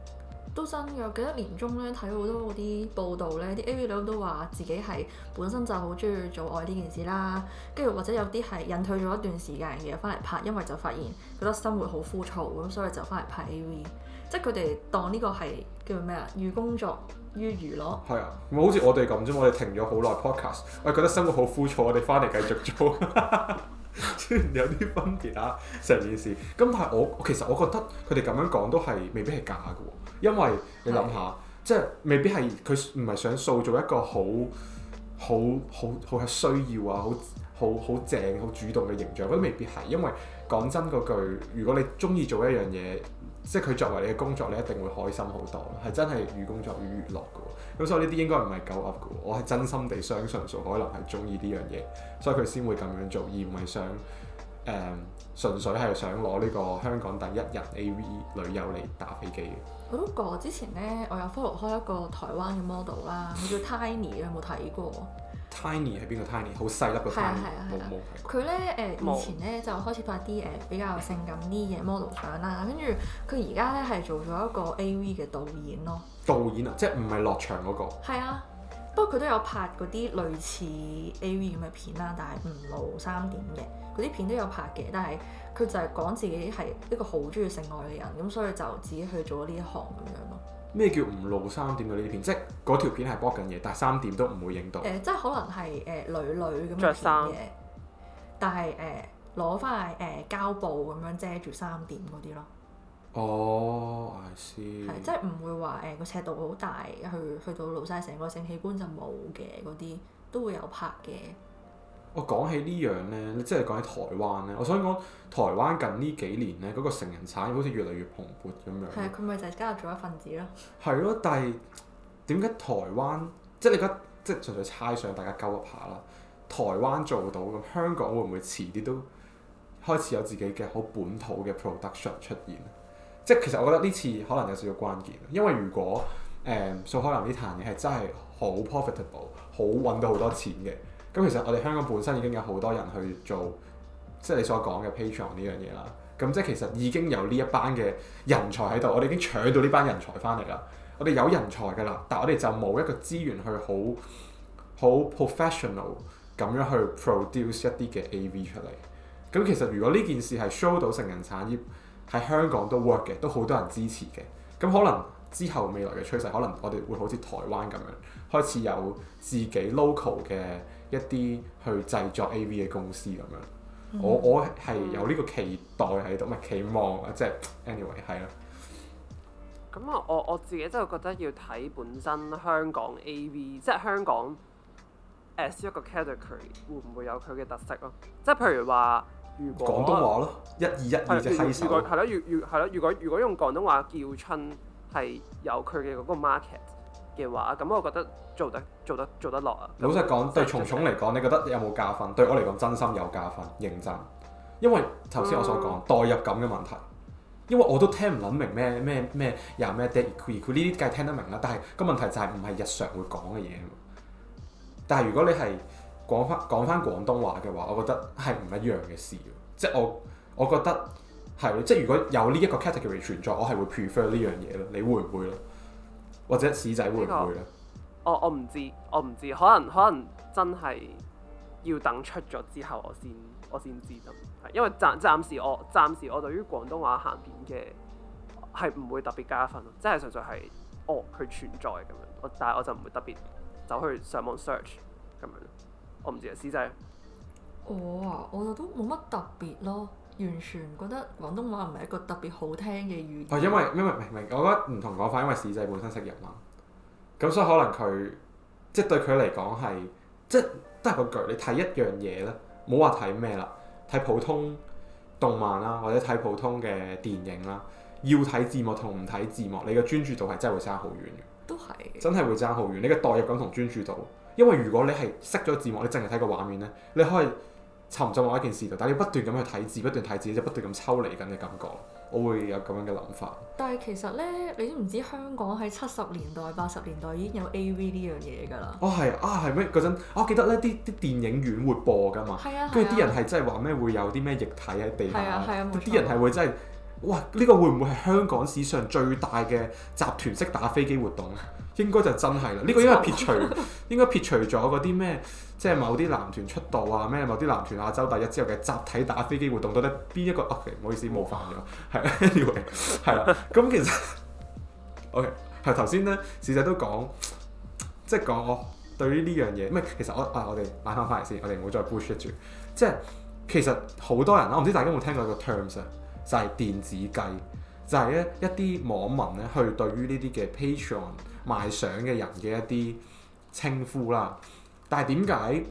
都真嘅，我記得年中咧睇好多嗰啲報道咧，啲 A V 女優都話自己係本身就好鍾意做愛呢件事啦，跟住或者有啲係隱退咗一段時間嘅翻嚟拍，因為就發現覺得生活好枯燥咁，所以就翻嚟拍 A V，即係佢哋當呢個係叫做咩啊？寓工作於娛樂。係啊，好似我哋咁啫，我哋停咗好耐 podcast，我覺得生活好枯燥，我哋翻嚟繼續做。 然 有啲分別啊，成件事。咁但係我其實我覺得佢哋咁樣講都係未必係假嘅喎，因為你諗下，的即係未必係佢唔係想塑造一個好好好好係需要啊，好好好正、好主動嘅形象。我都未必係，因為講真句，如果你中意做一樣嘢，即係佢作為你嘅工作，你一定會開心好多，係真係與工作與娛樂嘅。咁、嗯、所以呢啲應該唔係狗噏噶，我係真心地相信蘇海林係中意呢樣嘢，所以佢先會咁樣做，而唔係想誒、呃、純粹係想攞呢個香港第一人 AV 女優嚟打飛機。我都覺，之前呢，我有 follow 開一個台灣嘅 model 啦，我叫 Tiny，你 有冇睇過？Tiny 係邊個 Tiny？好細粒個 Tiny。係啊係啊係啊。佢咧，誒以前咧，就開始拍啲誒比較性感啲嘅 model 相啦，跟住佢而家咧係做咗一個 AV 嘅導演咯。導演啊，即係唔係落場嗰，那個？係啊，不過佢都有拍嗰啲類似 AV 咁嘅片啦，啊，但係唔露三點嘅嗰啲片都有拍嘅，但係佢就係講自己係一個好中意性愛嘅人，咁所以就自己去做咗呢一行咁樣咯。咩叫唔露三點嘅呢啲片？即係嗰條片係播緊嘢，但係三點都唔會影到。誒、呃，即係可能係誒、呃、女女咁樣嘅，但係誒攞翻嚟誒膠布咁樣遮住三點嗰啲咯。哦，I see。係，即係唔會話誒個尺度好大，去去到露晒成個性器官就冇嘅嗰啲，都會有拍嘅。我講起呢樣呢，即係講起台灣呢。我想講台灣近呢幾年呢，嗰、那個成人產業好似越嚟越蓬勃咁、嗯、樣。係，佢咪就係加入咗一份子咯。係咯，但係點解台灣即係你覺得即係純粹猜想，大家交一下啦。台灣做到咁，香港會唔會遲啲都開始有自己嘅好本土嘅 production 出現？即係其實我覺得呢次可能有少少關鍵，因為如果誒蘇海林呢壇嘢係真係好 profitable，好揾到好多錢嘅。咁其實我哋香港本身已經有好多人去做，即係你所講嘅 Patreon 呢樣嘢啦。咁即係其實已經有呢一班嘅人才喺度，我哋已經搶到呢班人才翻嚟啦。我哋有人才㗎啦，但係我哋就冇一個資源去好好 professional 咁樣去 produce 一啲嘅 AV 出嚟。咁其實如果呢件事係 show 到成人產業喺香港都 work 嘅，都好多人支持嘅。咁可能之後未來嘅趨勢，可能我哋會好似台灣咁樣開始有自己 local 嘅。一啲去製作 AV 嘅公司咁樣、嗯，我我係有呢個期待喺度，唔係、嗯、期，期望啊，即係 anyway 係啦。咁啊、嗯，我我自己真係覺得要睇本身香港 AV，即係香港誒，as 一個 category 會唔會有佢嘅特色咯？即係譬如話，如果廣東話咯，一二一二就係，如果係咯，如如係咯，如果如果用廣東話叫春，係有佢嘅嗰個 market。嘅話，咁我覺得做得做得做得落啊！老實講，樣對蟲蟲嚟講，你覺得有冇加分？對我嚟講，真心有加分，認真。因為頭先我所講、嗯、代入感嘅問題，因為我都聽唔諗明咩咩咩，又咩爹，而佢呢啲梗係聽得明啦。但係個問題就係唔係日常會講嘅嘢。但係如果你係講翻講翻廣東話嘅話，我覺得係唔一樣嘅事。即係我我覺得係，即係如果有呢一個 category 存在，我係會 prefer 呢樣嘢咯。你會唔會咯？或者史仔會唔會咧？我我唔知，我唔知，可能可能真係要等出咗之後我，我先我先知咯。因為暫暫時我暫時我對於廣東話鹹片嘅係唔會特別加分咯，即係純粹係哦佢存在咁樣。我但係我就唔會特別走去上網 search 咁樣。我唔知啊，史仔。我啊，我就都冇乜特別咯。完全覺得廣東話唔係一個特別好聽嘅語言。因為咩咩咩咩，我覺得唔同講法，因為史仔本身識日文，咁所以可能佢即係對佢嚟講係，即係都係個句。你睇一樣嘢咧，冇話睇咩啦，睇普通動漫啦，或者睇普通嘅電影啦，要睇字幕同唔睇字幕，你嘅專注度係真係會差好遠嘅。都係是。真係會差好遠，你嘅代入感同專注度。因為如果你係熄咗字幕，你淨係睇個畫面咧，你可以。沉浸出某一件事度，但係你不斷咁去睇字，不斷睇字，就不斷咁抽離緊嘅感覺。我會有咁樣嘅諗法。但係其實咧，你都唔知香港喺七十年代、八十年代已經有 AV 呢樣嘢㗎啦？哦係啊，係咩嗰陣？我、啊、記得咧，啲啲電影院會播㗎嘛。係啊。跟住啲人係真係話咩會有啲咩液體喺地下？係啊啲、啊、人係會真係。哇！呢個會唔會係香港史上最大嘅集團式打飛機活動咧？應該就真係啦。呢個應該撇除，應該撇除咗嗰啲咩，即係某啲男團出道啊，咩某啲男團亞洲第一之後嘅集體打飛機活動。到底邊一個？O K，唔好意思，冒犯咗。係，anyway，係啦。咁其實 O K 係頭先咧，事實都講，即係講我對於呢樣嘢，咩？其實我啊，我哋慢翻返嚟先，我哋唔好再 push 一住。即係其實好多人啦，我唔知大家有冇聽過個 terms 啊？就係電子雞，就係、是、一一啲網民咧，去對於呢啲嘅 Patreon 賣相嘅人嘅一啲稱呼啦。但係點解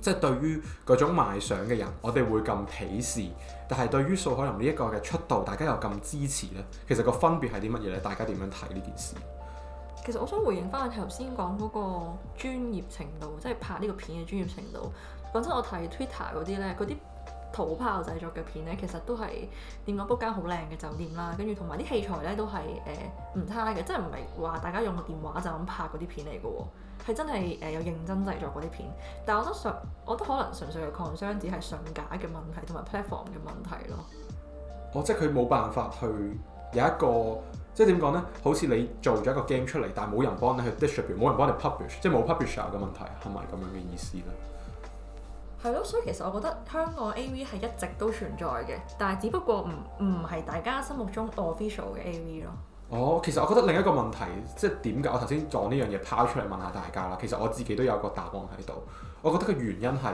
即係對於嗰種賣相嘅人，我哋會咁鄙視？但係對於蘇海林呢一個嘅出道，大家又咁支持咧？其實個分別係啲乜嘢咧？大家點樣睇呢件事？其實我想回應翻頭先講嗰個專業程度，即、就、係、是、拍呢個片嘅專業程度。本身我睇 Twitter 嗰啲咧，嗰啲，土炮製作嘅片咧，其實都係點講 book 間好靚嘅酒店啦，跟住同埋啲器材咧都係誒唔差嘅，即係唔係話大家用個電話就咁拍嗰啲片嚟嘅喎，係真係誒有認真製作嗰啲片。但係我覺得純，我覺得可能純粹嘅 concern 只係上架嘅問題同埋 platform 嘅問題咯。哦，即係佢冇辦法去有一個，即係點講咧？好似你做咗一個 game 出嚟，但係冇人幫你去 distribution，冇人幫你 publish，即係冇 publish 嘅問題，係咪咁樣嘅意思咧？係咯，所以其實我覺得香港 AV 係一直都存在嘅，但係只不過唔唔係大家心目中 official 嘅 AV 咯。哦，其實我覺得另一個問題，即係點解我頭先撞呢樣嘢拋出嚟問下大家啦？其實我自己都有個答案喺度。我覺得個原因係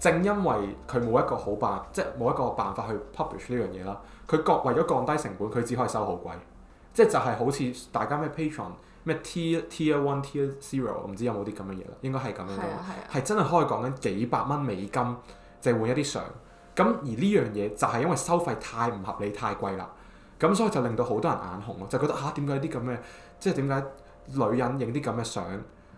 正因為佢冇一個好辦，即係冇一個辦法去 publish 呢樣嘢啦。佢降為咗降低成本，佢只可以收好貴。即係就係好似大家咩 Patreon。咩 Tier、Tier One、Tier Zero，唔知有冇啲咁嘅嘢啦？應該係咁樣咯，係、啊啊、真係可以講緊幾百蚊美金淨係、換一啲相。咁而呢樣嘢就係因為收費太唔合理、太貴啦。咁所以就令到好多人眼紅咯，就覺得嚇點解啲咁嘅，即係點解女人影啲咁嘅相，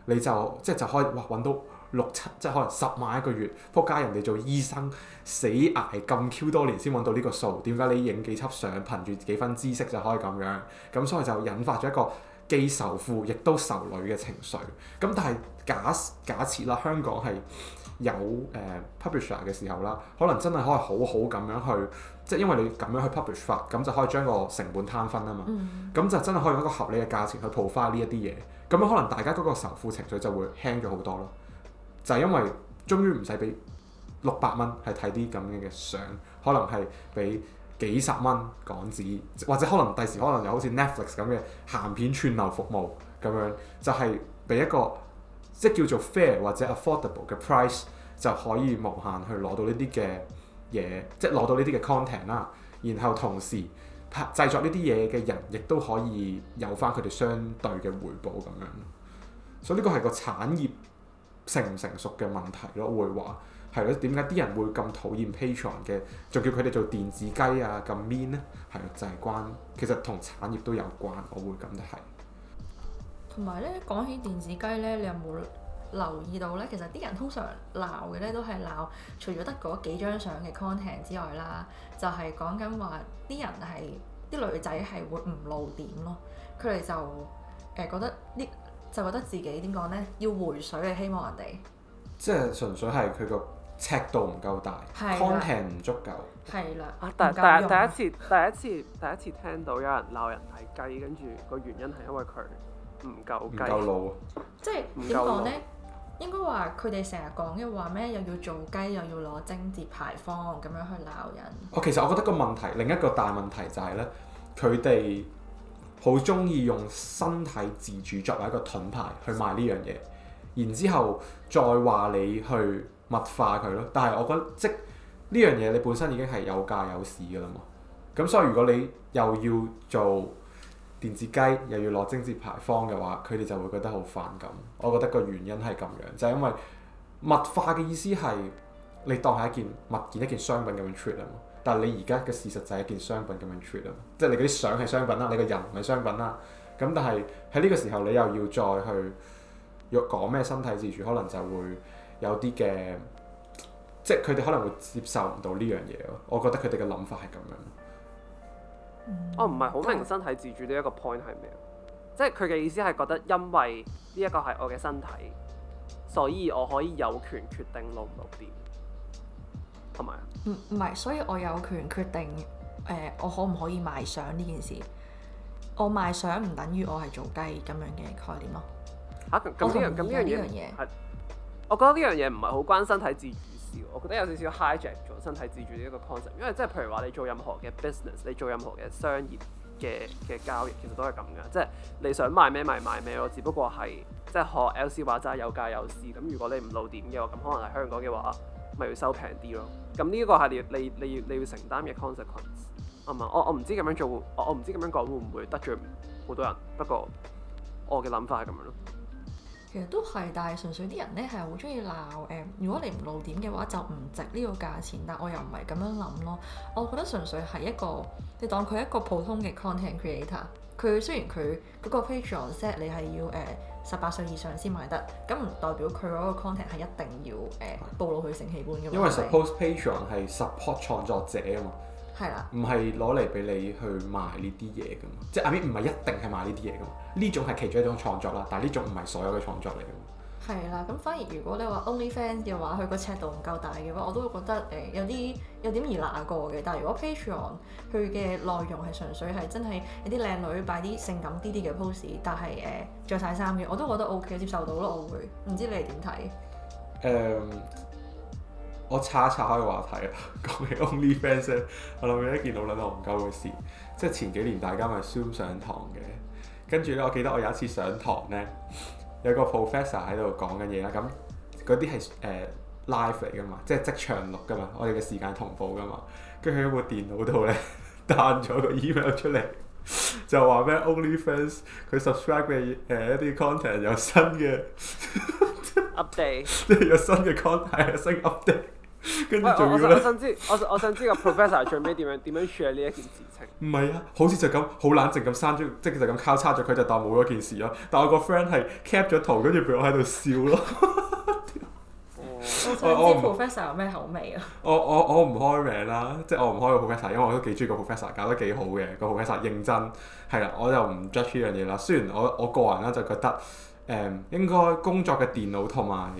你就即係、就係、就可以揾到六七，即、就、係、係、可能十萬一個月。撲街人哋做醫生死捱咁 Q 多年先揾到呢個數，點解你影幾輯相，憑住幾分知識就可以咁樣？咁所以就引發咗一個既仇富亦都仇女嘅情緒，咁但係假假設啦，香港係有誒、呃、publisher 嘅時候啦，可能真係可以好好咁樣去，即係因為你咁樣去 publish 法，咁就可以將個成本攤分啊嘛，咁、嗯、就真係可以用一個合理嘅價錢去鋪花呢一啲嘢，咁樣可能大家嗰個仇富情緒就會輕咗好多咯，就係、是、因為終於唔使俾六百蚊係睇啲咁樣嘅相，可能係俾。幾十蚊港紙，或者可能第時可能有好似 Netflix 咁嘅鹹片串流服務咁樣，就係、是、俾一個即係、就是、叫做 fair 或者 affordable 嘅 price 就可以無限去攞到呢啲嘅嘢，即係攞到呢啲嘅 content 啦。然後同時拍製作呢啲嘢嘅人，亦都可以有翻佢哋相對嘅回報咁樣。所以呢個係個產業成唔成熟嘅問題咯，會話。係咯？點解啲人會咁討厭 Patreon 嘅，就叫佢哋做電子雞啊咁 mean 咧？係就係、是、關其實同產業都有關，我會覺得係。同埋咧，講起電子雞咧，你有冇留意到咧？其實啲人通常鬧嘅咧，都係鬧除咗得嗰幾張相嘅 content 之外啦，就係講緊話啲人係啲女仔係會唔露點咯。佢哋就誒、呃、覺得呢，就覺得自己點講咧，要回水嘅，希望人哋。即係純粹係佢個尺度唔夠大的，content 唔足夠，係啦的啊！第第但、啊、第一次第一次第一次聽到有人鬧人睇雞，跟住個原因係因為佢唔夠雞，唔夠老，即係點講咧？應該話佢哋成日講嘅話咩？又要做雞，又要攞貞節牌坊咁樣去鬧人。我其實我覺得個問題另一個大問題就係、是、咧，佢哋好中意用身體自主作為一個盾牌去賣呢樣嘢，然之後再話你去。物化佢咯，但係我覺得即呢樣嘢你本身已經係有價有市嘅啦嘛，咁所以如果你又要做電子雞，又要攞貞節牌坊嘅話，佢哋就會覺得好反感。我覺得個原因係咁樣，就係因為物化嘅意思係你當係一件物件、一件商品咁樣 treat 啊嘛，但係你而家嘅事實就係一件商品咁樣 treat 啊嘛，即係你嗰啲相係商品啦，你個人唔係商品啦，咁但係喺呢個時候你又要再去若講咩身體自主，可能就會。有啲嘅，即係佢哋可能會接受唔到呢樣嘢咯。我覺得佢哋嘅諗法係咁樣。我唔係好明身體自主呢一個 point 係咩？ 即係佢嘅意思係覺得因為呢一個係我嘅身體，所以我可以有權決定露唔露啲，同埋，唔唔係，所以我有權決定誒、呃，我可唔可以賣相呢件事？我賣相唔等於我係做雞咁樣嘅概念咯、啊。嚇、啊！咁呢樣咁呢樣嘢？我覺得呢樣嘢唔係好關身體自主事，我覺得有少少 hijack 咗身體自主呢一個 concept，因為即係譬如話你做任何嘅 business，你做任何嘅商業嘅嘅交易，其實都係咁噶，即係你想賣咩咪賣咩咯，只不過係即係學 L C 話齋有價有市咁，如果你唔露點嘅話，咁可能喺香港嘅話，咪要收平啲咯。咁呢一個係你你你，你要你要承擔嘅 consequence 啊嘛，我我唔知咁樣做，我我唔知咁樣講會唔會得罪好多人，不過我嘅諗法係咁樣咯。其實都係，但係純粹啲人咧係好中意鬧誒。如果你唔露點嘅話，就唔值呢個價錢。但我又唔係咁樣諗咯。我覺得純粹係一個，你當佢一個普通嘅 content creator。佢雖然佢嗰個 Patreon set 你係要誒十八歲以上先買得，咁唔代表佢嗰個 content 係一定要誒暴、呃、露佢性器官㗎。因為 suppose Patreon 係 support 創作者啊嘛。係啦，唔係攞嚟俾你去賣呢啲嘢㗎嘛？即係 I 唔係一定係賣呢啲嘢㗎嘛？呢種係其中一種創作啦，但係呢種唔係所有嘅創作嚟嘅。係啦，咁反而如果你話 OnlyFans 嘅話，佢個尺度唔夠大嘅話我會、呃 on, 呃，我都覺得誒有啲有點兒難過嘅。但係如果 Patreon 佢嘅內容係純粹係真係有啲靚女擺啲性感啲啲嘅 pose，但係誒著曬衫嘅，我都覺得 O K 接受到咯，我會唔知你哋點睇？誒。Um, 我叉一叉開個話題啊。講起 OnlyFans，咧，我諗起一件我諗到唔鳩嘅事，即係前幾年大家咪 Zoom 上堂嘅。跟住咧，我記得我有一次上堂咧，有個 professor 喺度講緊嘢啦。咁嗰啲係誒 live 嚟㗎嘛，即係即場錄㗎嘛，我哋嘅時間同步㗎嘛。跟住喺部電腦度咧，彈咗個 email 出嚟，就話咩 OnlyFans 佢 subscribe 嘅誒一啲、呃、content 有新嘅 update，即係有新嘅 content 有新 update。跟住仲我想我想知我我想知個 professor 最尾點樣點樣處理呢一件事情？唔係啊，好似就咁好冷靜咁刪咗，即係其實咁交叉咗，佢就當冇咗件事咯。但我個 friend 係 cap 咗圖，跟住俾我喺度笑咯、 哦。我想知 professor 不有咩口味啊？我我我唔開名啦，即、就、係、是、我唔開個 professor，因為我都幾中意個 professor，搞得幾好嘅個 professor 認真係啦，我就唔 judge 呢樣嘢啦。雖然我我個人咧就覺得，誒、嗯、應該工作嘅電腦同埋。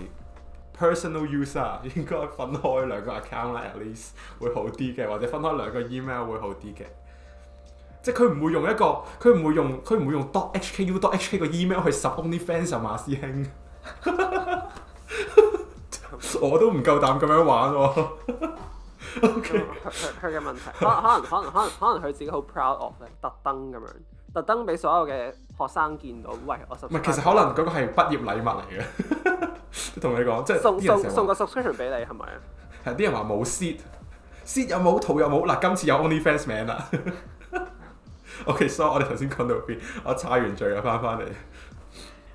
Personal user 應該分開兩個 account 咧，at least 會好啲嘅，或者分開兩個 email 會好啲嘅。即係佢唔會用一個，佢唔會用，佢唔會用 dot HKU dot HK 個 email 去 sub only fans 啊，馬師兄。我都唔夠膽咁樣玩喎。OK，佢佢佢嘅問題，可可能可能可能可能佢自己好 proud of 咧，特登咁樣。特登俾所有嘅學生見到，喂，我實唔係其實可能嗰個係畢業禮物嚟嘅，同 你講即係送送送個 subscription 俾你係咪？係啲 人話冇 sit，sit 有冇，圖有冇嗱、啊，今次有 Onlyfans 名啦。 OK，so，okay，我哋頭先講到邊？我踩完罪又翻翻嚟。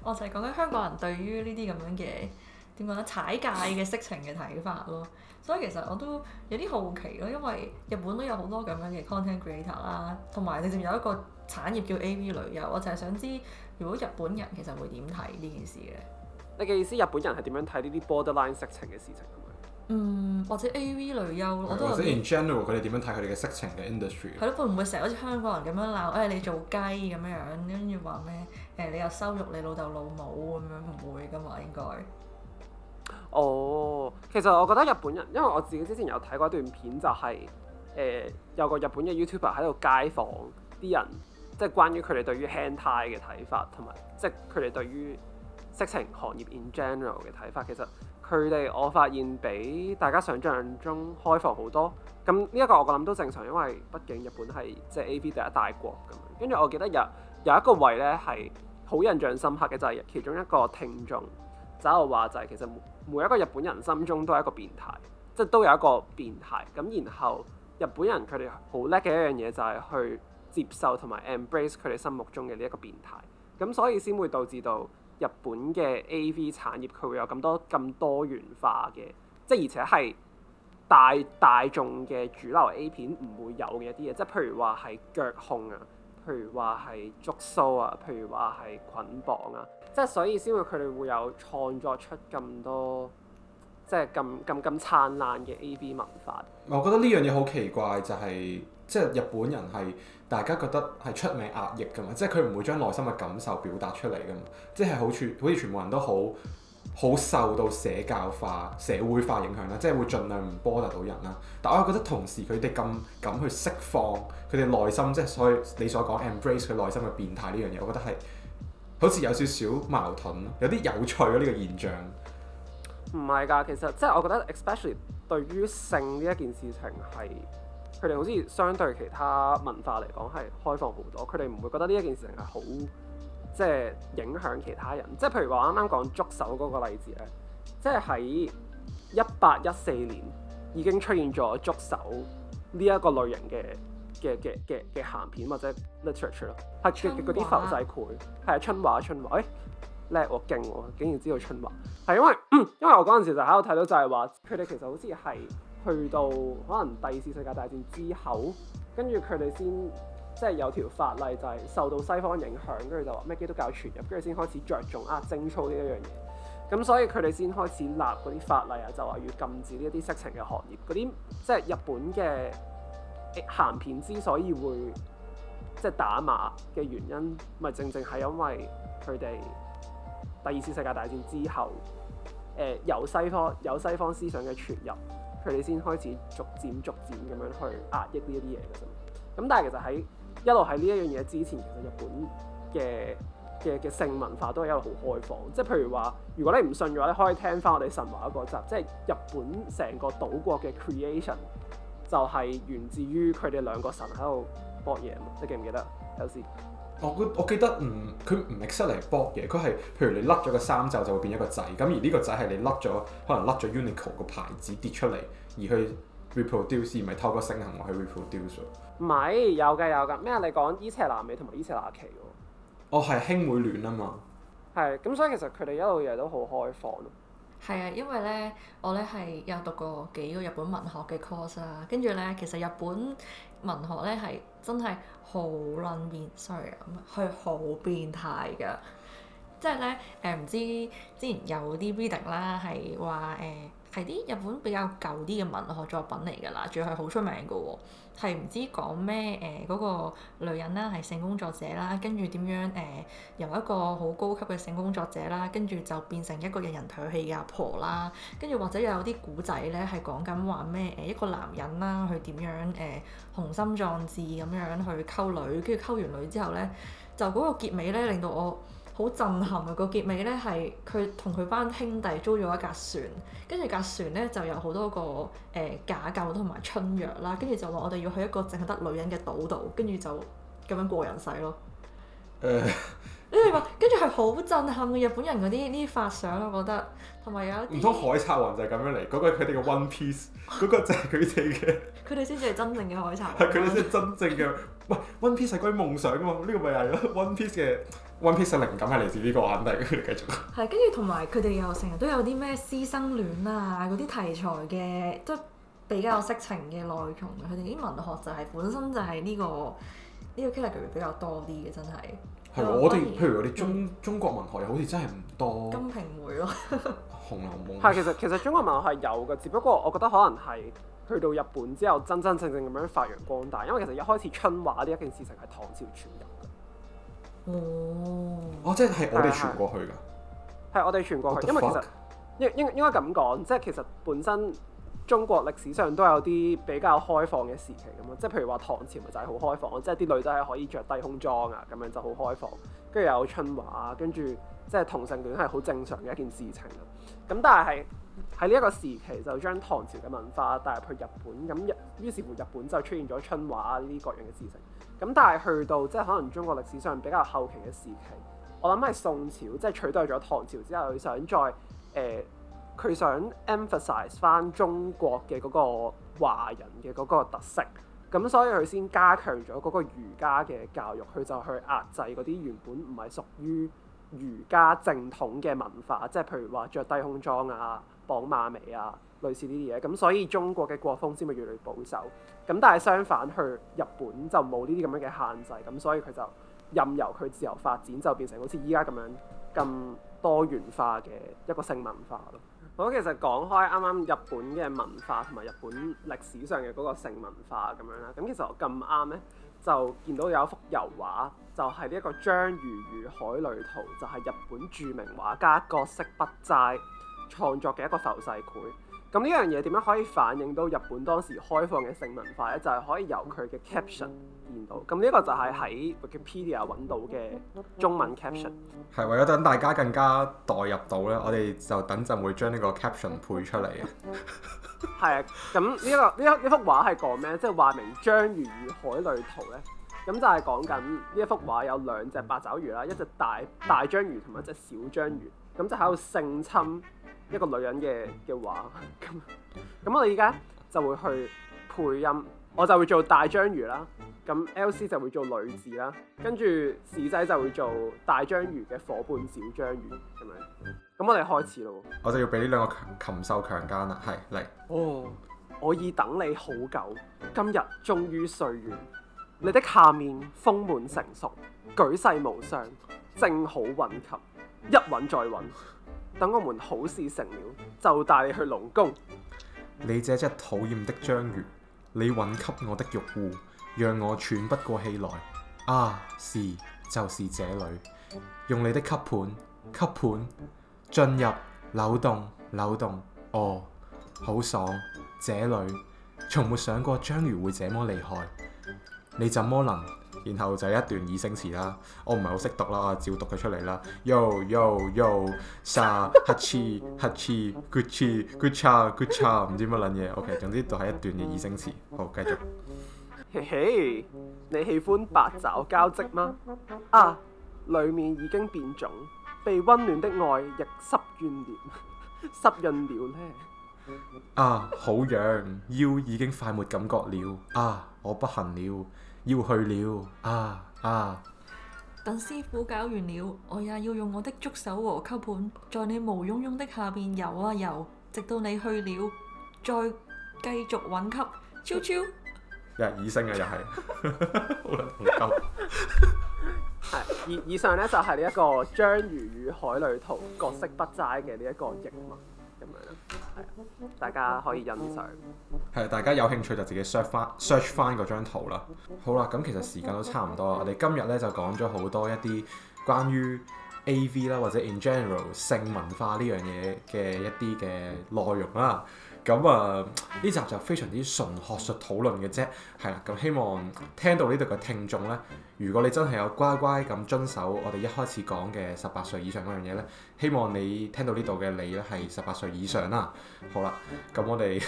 我就係講緊香港人對於這這呢啲咁樣嘅點講咧，踩界嘅色情嘅睇法咯。所以其實我都有啲好奇咯，因為日本都有好多咁樣嘅 content creator 啦，同埋你仲有一個產業叫 A.V. 旅遊，我就係想知如果日本人其實會點睇呢件事嘅？你嘅意思日本人係點樣睇呢啲 borderline 色情嘅事情？嗯，或者 A.V. 旅遊，對我都或者 in general 佢哋點樣睇佢哋嘅色情嘅 industry？係咯，會唔會成日好似香港人咁樣鬧誒、哎、你做雞咁樣，跟住話咩誒你又羞辱你老豆老母咁樣？唔會噶嘛，應該。哦，oh, 其實我覺得日本人，因為我自己之前有睇過一段片，就是，就係誒有個日本嘅 YouTuber 喺度街訪啲人，即係關於佢哋對於 Hentai 嘅睇法，同埋即係佢哋對於色情行業 in general 嘅睇法。其實佢哋我發現比大家想象中開放好多。咁呢一個我諗都正常，因為畢竟日本係即係 AV 第一大國咁樣。跟住我記得有有一個位咧係好印象深刻嘅，就係，是，其中一個聽眾。就話係其實每一個日本人心中都係一個變態，即係都有一個變態。咁然後日本人佢哋好叻嘅一樣嘢就係去接受同埋 embrace 佢哋心目中嘅呢一個變態。咁所以先會導致到日本嘅 AV 產業佢會有咁多咁多元化嘅，即係而且係大大眾嘅主流 A 片唔會有嘅一啲嘢，即係譬如話係腳控啊，譬如話係觸鬚啊，譬如話係捆綁啊。即係所以先會佢哋會有創作出咁多，即係咁咁咁燦爛嘅 AV 文化。我覺得呢樣嘢好奇怪，就係、是、即係日本人係大家覺得係出名壓抑㗎嘛，即係佢唔會將內心嘅感受表達出嚟㗎嘛。即係好處，好似全部人都好好受到社教化、社會化影響啦，即係會盡量唔波達到人啦。但我又覺得同時佢哋咁敢去釋放佢哋內心，即係所以你所講 embrace 佢內心嘅變態呢樣嘢，我覺得係。好似有少少矛盾，有啲有趣咯、啊、呢、呢個現象。唔係㗎，其實即係我覺得，especially 對於性呢一件事情，係佢哋好似相對其他文化嚟講係開放好多。佢哋唔會覺得呢一件事情係好即係影響其他人。即係譬如話啱啱講觸手嗰個例子咧，即係喺一八一四年已經出現咗觸手呢一個類型嘅。嘅嘅嘅嘅鹹片或者 literature 咯華，係啲浮世繪，係啊，春畫春畫。哎叻喎，勁喎，竟然知道春畫，係因為、嗯、因為我嗰陣時就喺度睇到就係話，佢哋其實好似係去到可能第二次世界大戰之後，跟住佢哋先即係有條法例就係受到西方影響，跟住就話咩基督教傳入，跟住先開始着重啊貞操呢一樣嘢，咁所以佢哋先開始立嗰啲法例啊，就話要禁止呢一啲色情嘅行業，嗰啲即係日本嘅。鹹片之所以會即係打碼嘅原因，咪正正係因為佢哋第二次世界大戰之後，誒、呃、由西方有西方思想嘅傳入，佢哋先開始逐漸逐漸咁樣去壓抑呢一啲嘢嘅啫。咁但係其實喺一路喺呢一樣嘢之前，其實日本嘅嘅嘅性文化都係一路好開放。即係譬如話，如果你唔信嘅話，你可以聽翻我哋神話嗰集，即係日本成個島國嘅 creation。就係源自於佢哋兩個神喺度博嘢，你記唔記得？有時我我記得唔，佢唔係出嚟博嘢，佢係、exactly、譬如你甩咗個衫袖就會變一個仔，咁而呢個仔係你甩咗可能甩咗 Uniqlo 個牌子跌出嚟而去 reproduce，咪透過性行為去 reproduce。唔係，有嘅有嘅咩？你講伊邪南美同埋伊邪娜奇喎。哦，係兄妹戀啊嘛。係，咁所以其實佢哋一路嘢都好開放。係啊，因為咧，我咧係有讀過幾個日本文學嘅 course 啦，跟住咧，其實日本文學咧係真係好撚變 sorry 啊，佢好變態㗎，即係咧誒，唔、就是呃、知之前有啲 reading 啦係話誒。呃係啲日本比較舊啲嘅文學作品嚟㗎啦，仲要係好出名㗎喎。係唔知講咩誒嗰個女人啦，係性工作者啦，跟住點樣誒、呃、由一個好高級嘅性工作者啦，跟住就變成一個人人唾棄嘅阿婆啦。跟住或者又有啲古仔咧，係講緊話咩誒一個男人啦，去點樣誒呃、雄心壯志咁樣去溝女，跟住溝完女之後咧，就嗰個結尾咧令到我。好震撼啊！個結尾咧係佢同佢班兄弟租咗一架船，跟住架船咧就有好多個誒、呃、假舊同埋春藥啦，跟住就話我哋要去一個淨係得女人嘅島度，跟住就咁樣過人世咯。誒、呃，你話跟住係好震撼嘅日本人嗰啲呢啲發想我覺得同埋有唔通海賊王就係咁樣嚟，嗰、嗰個係佢哋嘅 One Piece，嗰個就係佢哋嘅，佢哋先至係真正嘅海賊王，佢哋先係真正嘅。喂 ，One Piece 係關於夢想噶嘛？呢個咪係 One Piece 嘅。One Piece 嘅靈感係嚟自呢、這個話題，佢哋繼續。跟住同埋佢哋又成日都有啲咩師生戀啊嗰啲題材嘅，即係比較色情嘅內容。佢哋啲文學就係、是、本身就係呢、這個呢、這個 category 比較多啲嘅，真係。係我哋譬能如我哋中、嗯、中國文學又好似真係唔多。金瓶梅咯、啊。紅樓夢。係其實其實中國文學係有嘅，只不過我覺得可能係去到日本之後真真正正咁樣發揚光大，因為其實一開始春畫呢一件事情係唐朝傳入。哦，oh，即係我哋傳過去噶，係我哋傳過去，the 因為其實應該應應該咁講，即係其實本身中國歷史上都有啲比較開放嘅時期咁咯，即係譬如話唐朝咪就係好開放，即係啲女仔係可以着低胸裝啊，咁樣就好開放，跟住又有春畫，跟住即係同性戀係好正常嘅一件事情，咁但係喺呢一個時期就將唐朝嘅文化帶入去日本，咁日於是乎日本就出現咗春畫呢啲各樣嘅事情。咁但係去到即係可能中國歷史上比較後期嘅時期，我諗係宋朝，即係取代咗唐朝之後，佢想再誒，佢、呃、想 emphasize 翻中國嘅嗰個華人嘅嗰個特色，咁所以佢先加強咗嗰個儒家嘅教育，佢就去壓制嗰啲原本唔係屬於儒家正統嘅文化，即係譬如話着低胸裝啊、綁馬尾啊。類似呢啲嘢咁，所以中國嘅國風先會越嚟越保守咁，但係相反去日本就冇呢啲咁樣嘅限制，咁所以佢就任由佢自由發展，就變成好似依家咁樣咁多元化嘅一個性文化咯。好，其實講開啱啱日本嘅文化同埋日本歷史上嘅嗰個性文化咁樣啦，咁其實我咁啱呢，就見到有一幅油畫，就係呢一個章魚與海女圖，就係、是、日本著名畫家葛飾北齋創作嘅一個浮世繪。咁呢樣嘢點樣可以反映到日本當時開放嘅性文化呢？就係、是、可以由佢嘅 caption 見到。咁呢一個就係喺 Wikipedia 揾到嘅中文 caption。係為咗等大家更加代入到呢。我哋就等陣會將呢個 caption 配出嚟嘅。係啊。 咁呢一呢一幅畫係講咩？即係畫名《章魚與海女圖》呢。咁就係講緊呢一幅畫有兩隻八爪魚啦，一隻大大章魚同埋一隻小章魚，咁就喺度性侵。一個女人嘅嘅話，咁 咁我哋而家就會去配音，我就會做大章魚啦，咁 L C 就會做女子啦，跟住史仔就會做大章魚嘅伙伴小章魚咁樣，咁 我哋開始咯，我就要俾呢兩個禽獸強奸啦，係嚟，哦，oh, 我已等你好久，今日終於睡完，你的下面豐滿成熟，舉世無雙，正好揾及一揾再揾。 等我們好事成了，就帶你去龍宮。你這隻討厭的章魚，你吻給我的玉戶，讓我喘不過氣來。啊，是，就是這裏。用你的吸盤，吸盤進入扭動，扭動哦，好爽！這裏從沒想過章魚會這麼厲害。你怎麼能？然後就係一段二聲詞啦，我唔係好識讀啦，照讀佢出嚟啦，yo yo yo，啥 h o c h e h o c h e good c h good c h g o o c h 唔知乜捻嘢，ok，總之就係一段嘅二聲詞。好，繼續。嘿嘿，你喜歡白爪交織嗎？啊、ah,，裏面已經變腫，被溫暖的愛溢濕軟黏，濕 潤了呢。啊，ah, 好癢，腰已經快沒感覺了。啊、ah,，我不行了。要去了啊啊！啊等師傅搞完了，我也要用我的觸手和吸盤，在你毛茸茸的下邊游啊游，直到你去了，再繼續揾吸。超超 、啊、又以耳嘅又係，好啦 冷酷，好夠。係以以上呢，就係呢一個章魚與海女圖葛飾北齋嘅呢一個譯文。咁樣 大家可以欣賞。係， 大家有興趣就自己 search 翻，search 翻嗰張圖啦。好啦，咁其實時間都差唔多啦。我哋今日咧就講咗好多一啲關於 AV 啦，或者 in general 性文化呢樣嘢嘅一啲嘅內容啦。咁啊，呢集就非常之純學術討論嘅啫，係啦、啊。咁希望聽到呢度嘅聽眾呢，如果你真係有乖乖咁遵守我哋一開始講嘅十八歲以上嗰樣嘢呢，希望你聽到呢度嘅你呢係十八歲以上啦。好啦，咁我哋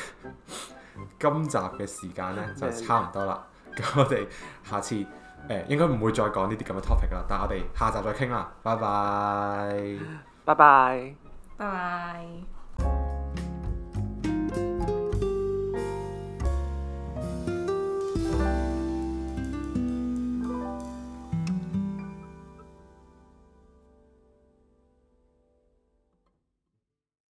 今集嘅時間呢就差唔多啦。咁我哋下次誒、呃、應該唔會再講呢啲咁嘅 topic 啦。但係我哋下集再傾啦。拜拜，拜拜，拜拜。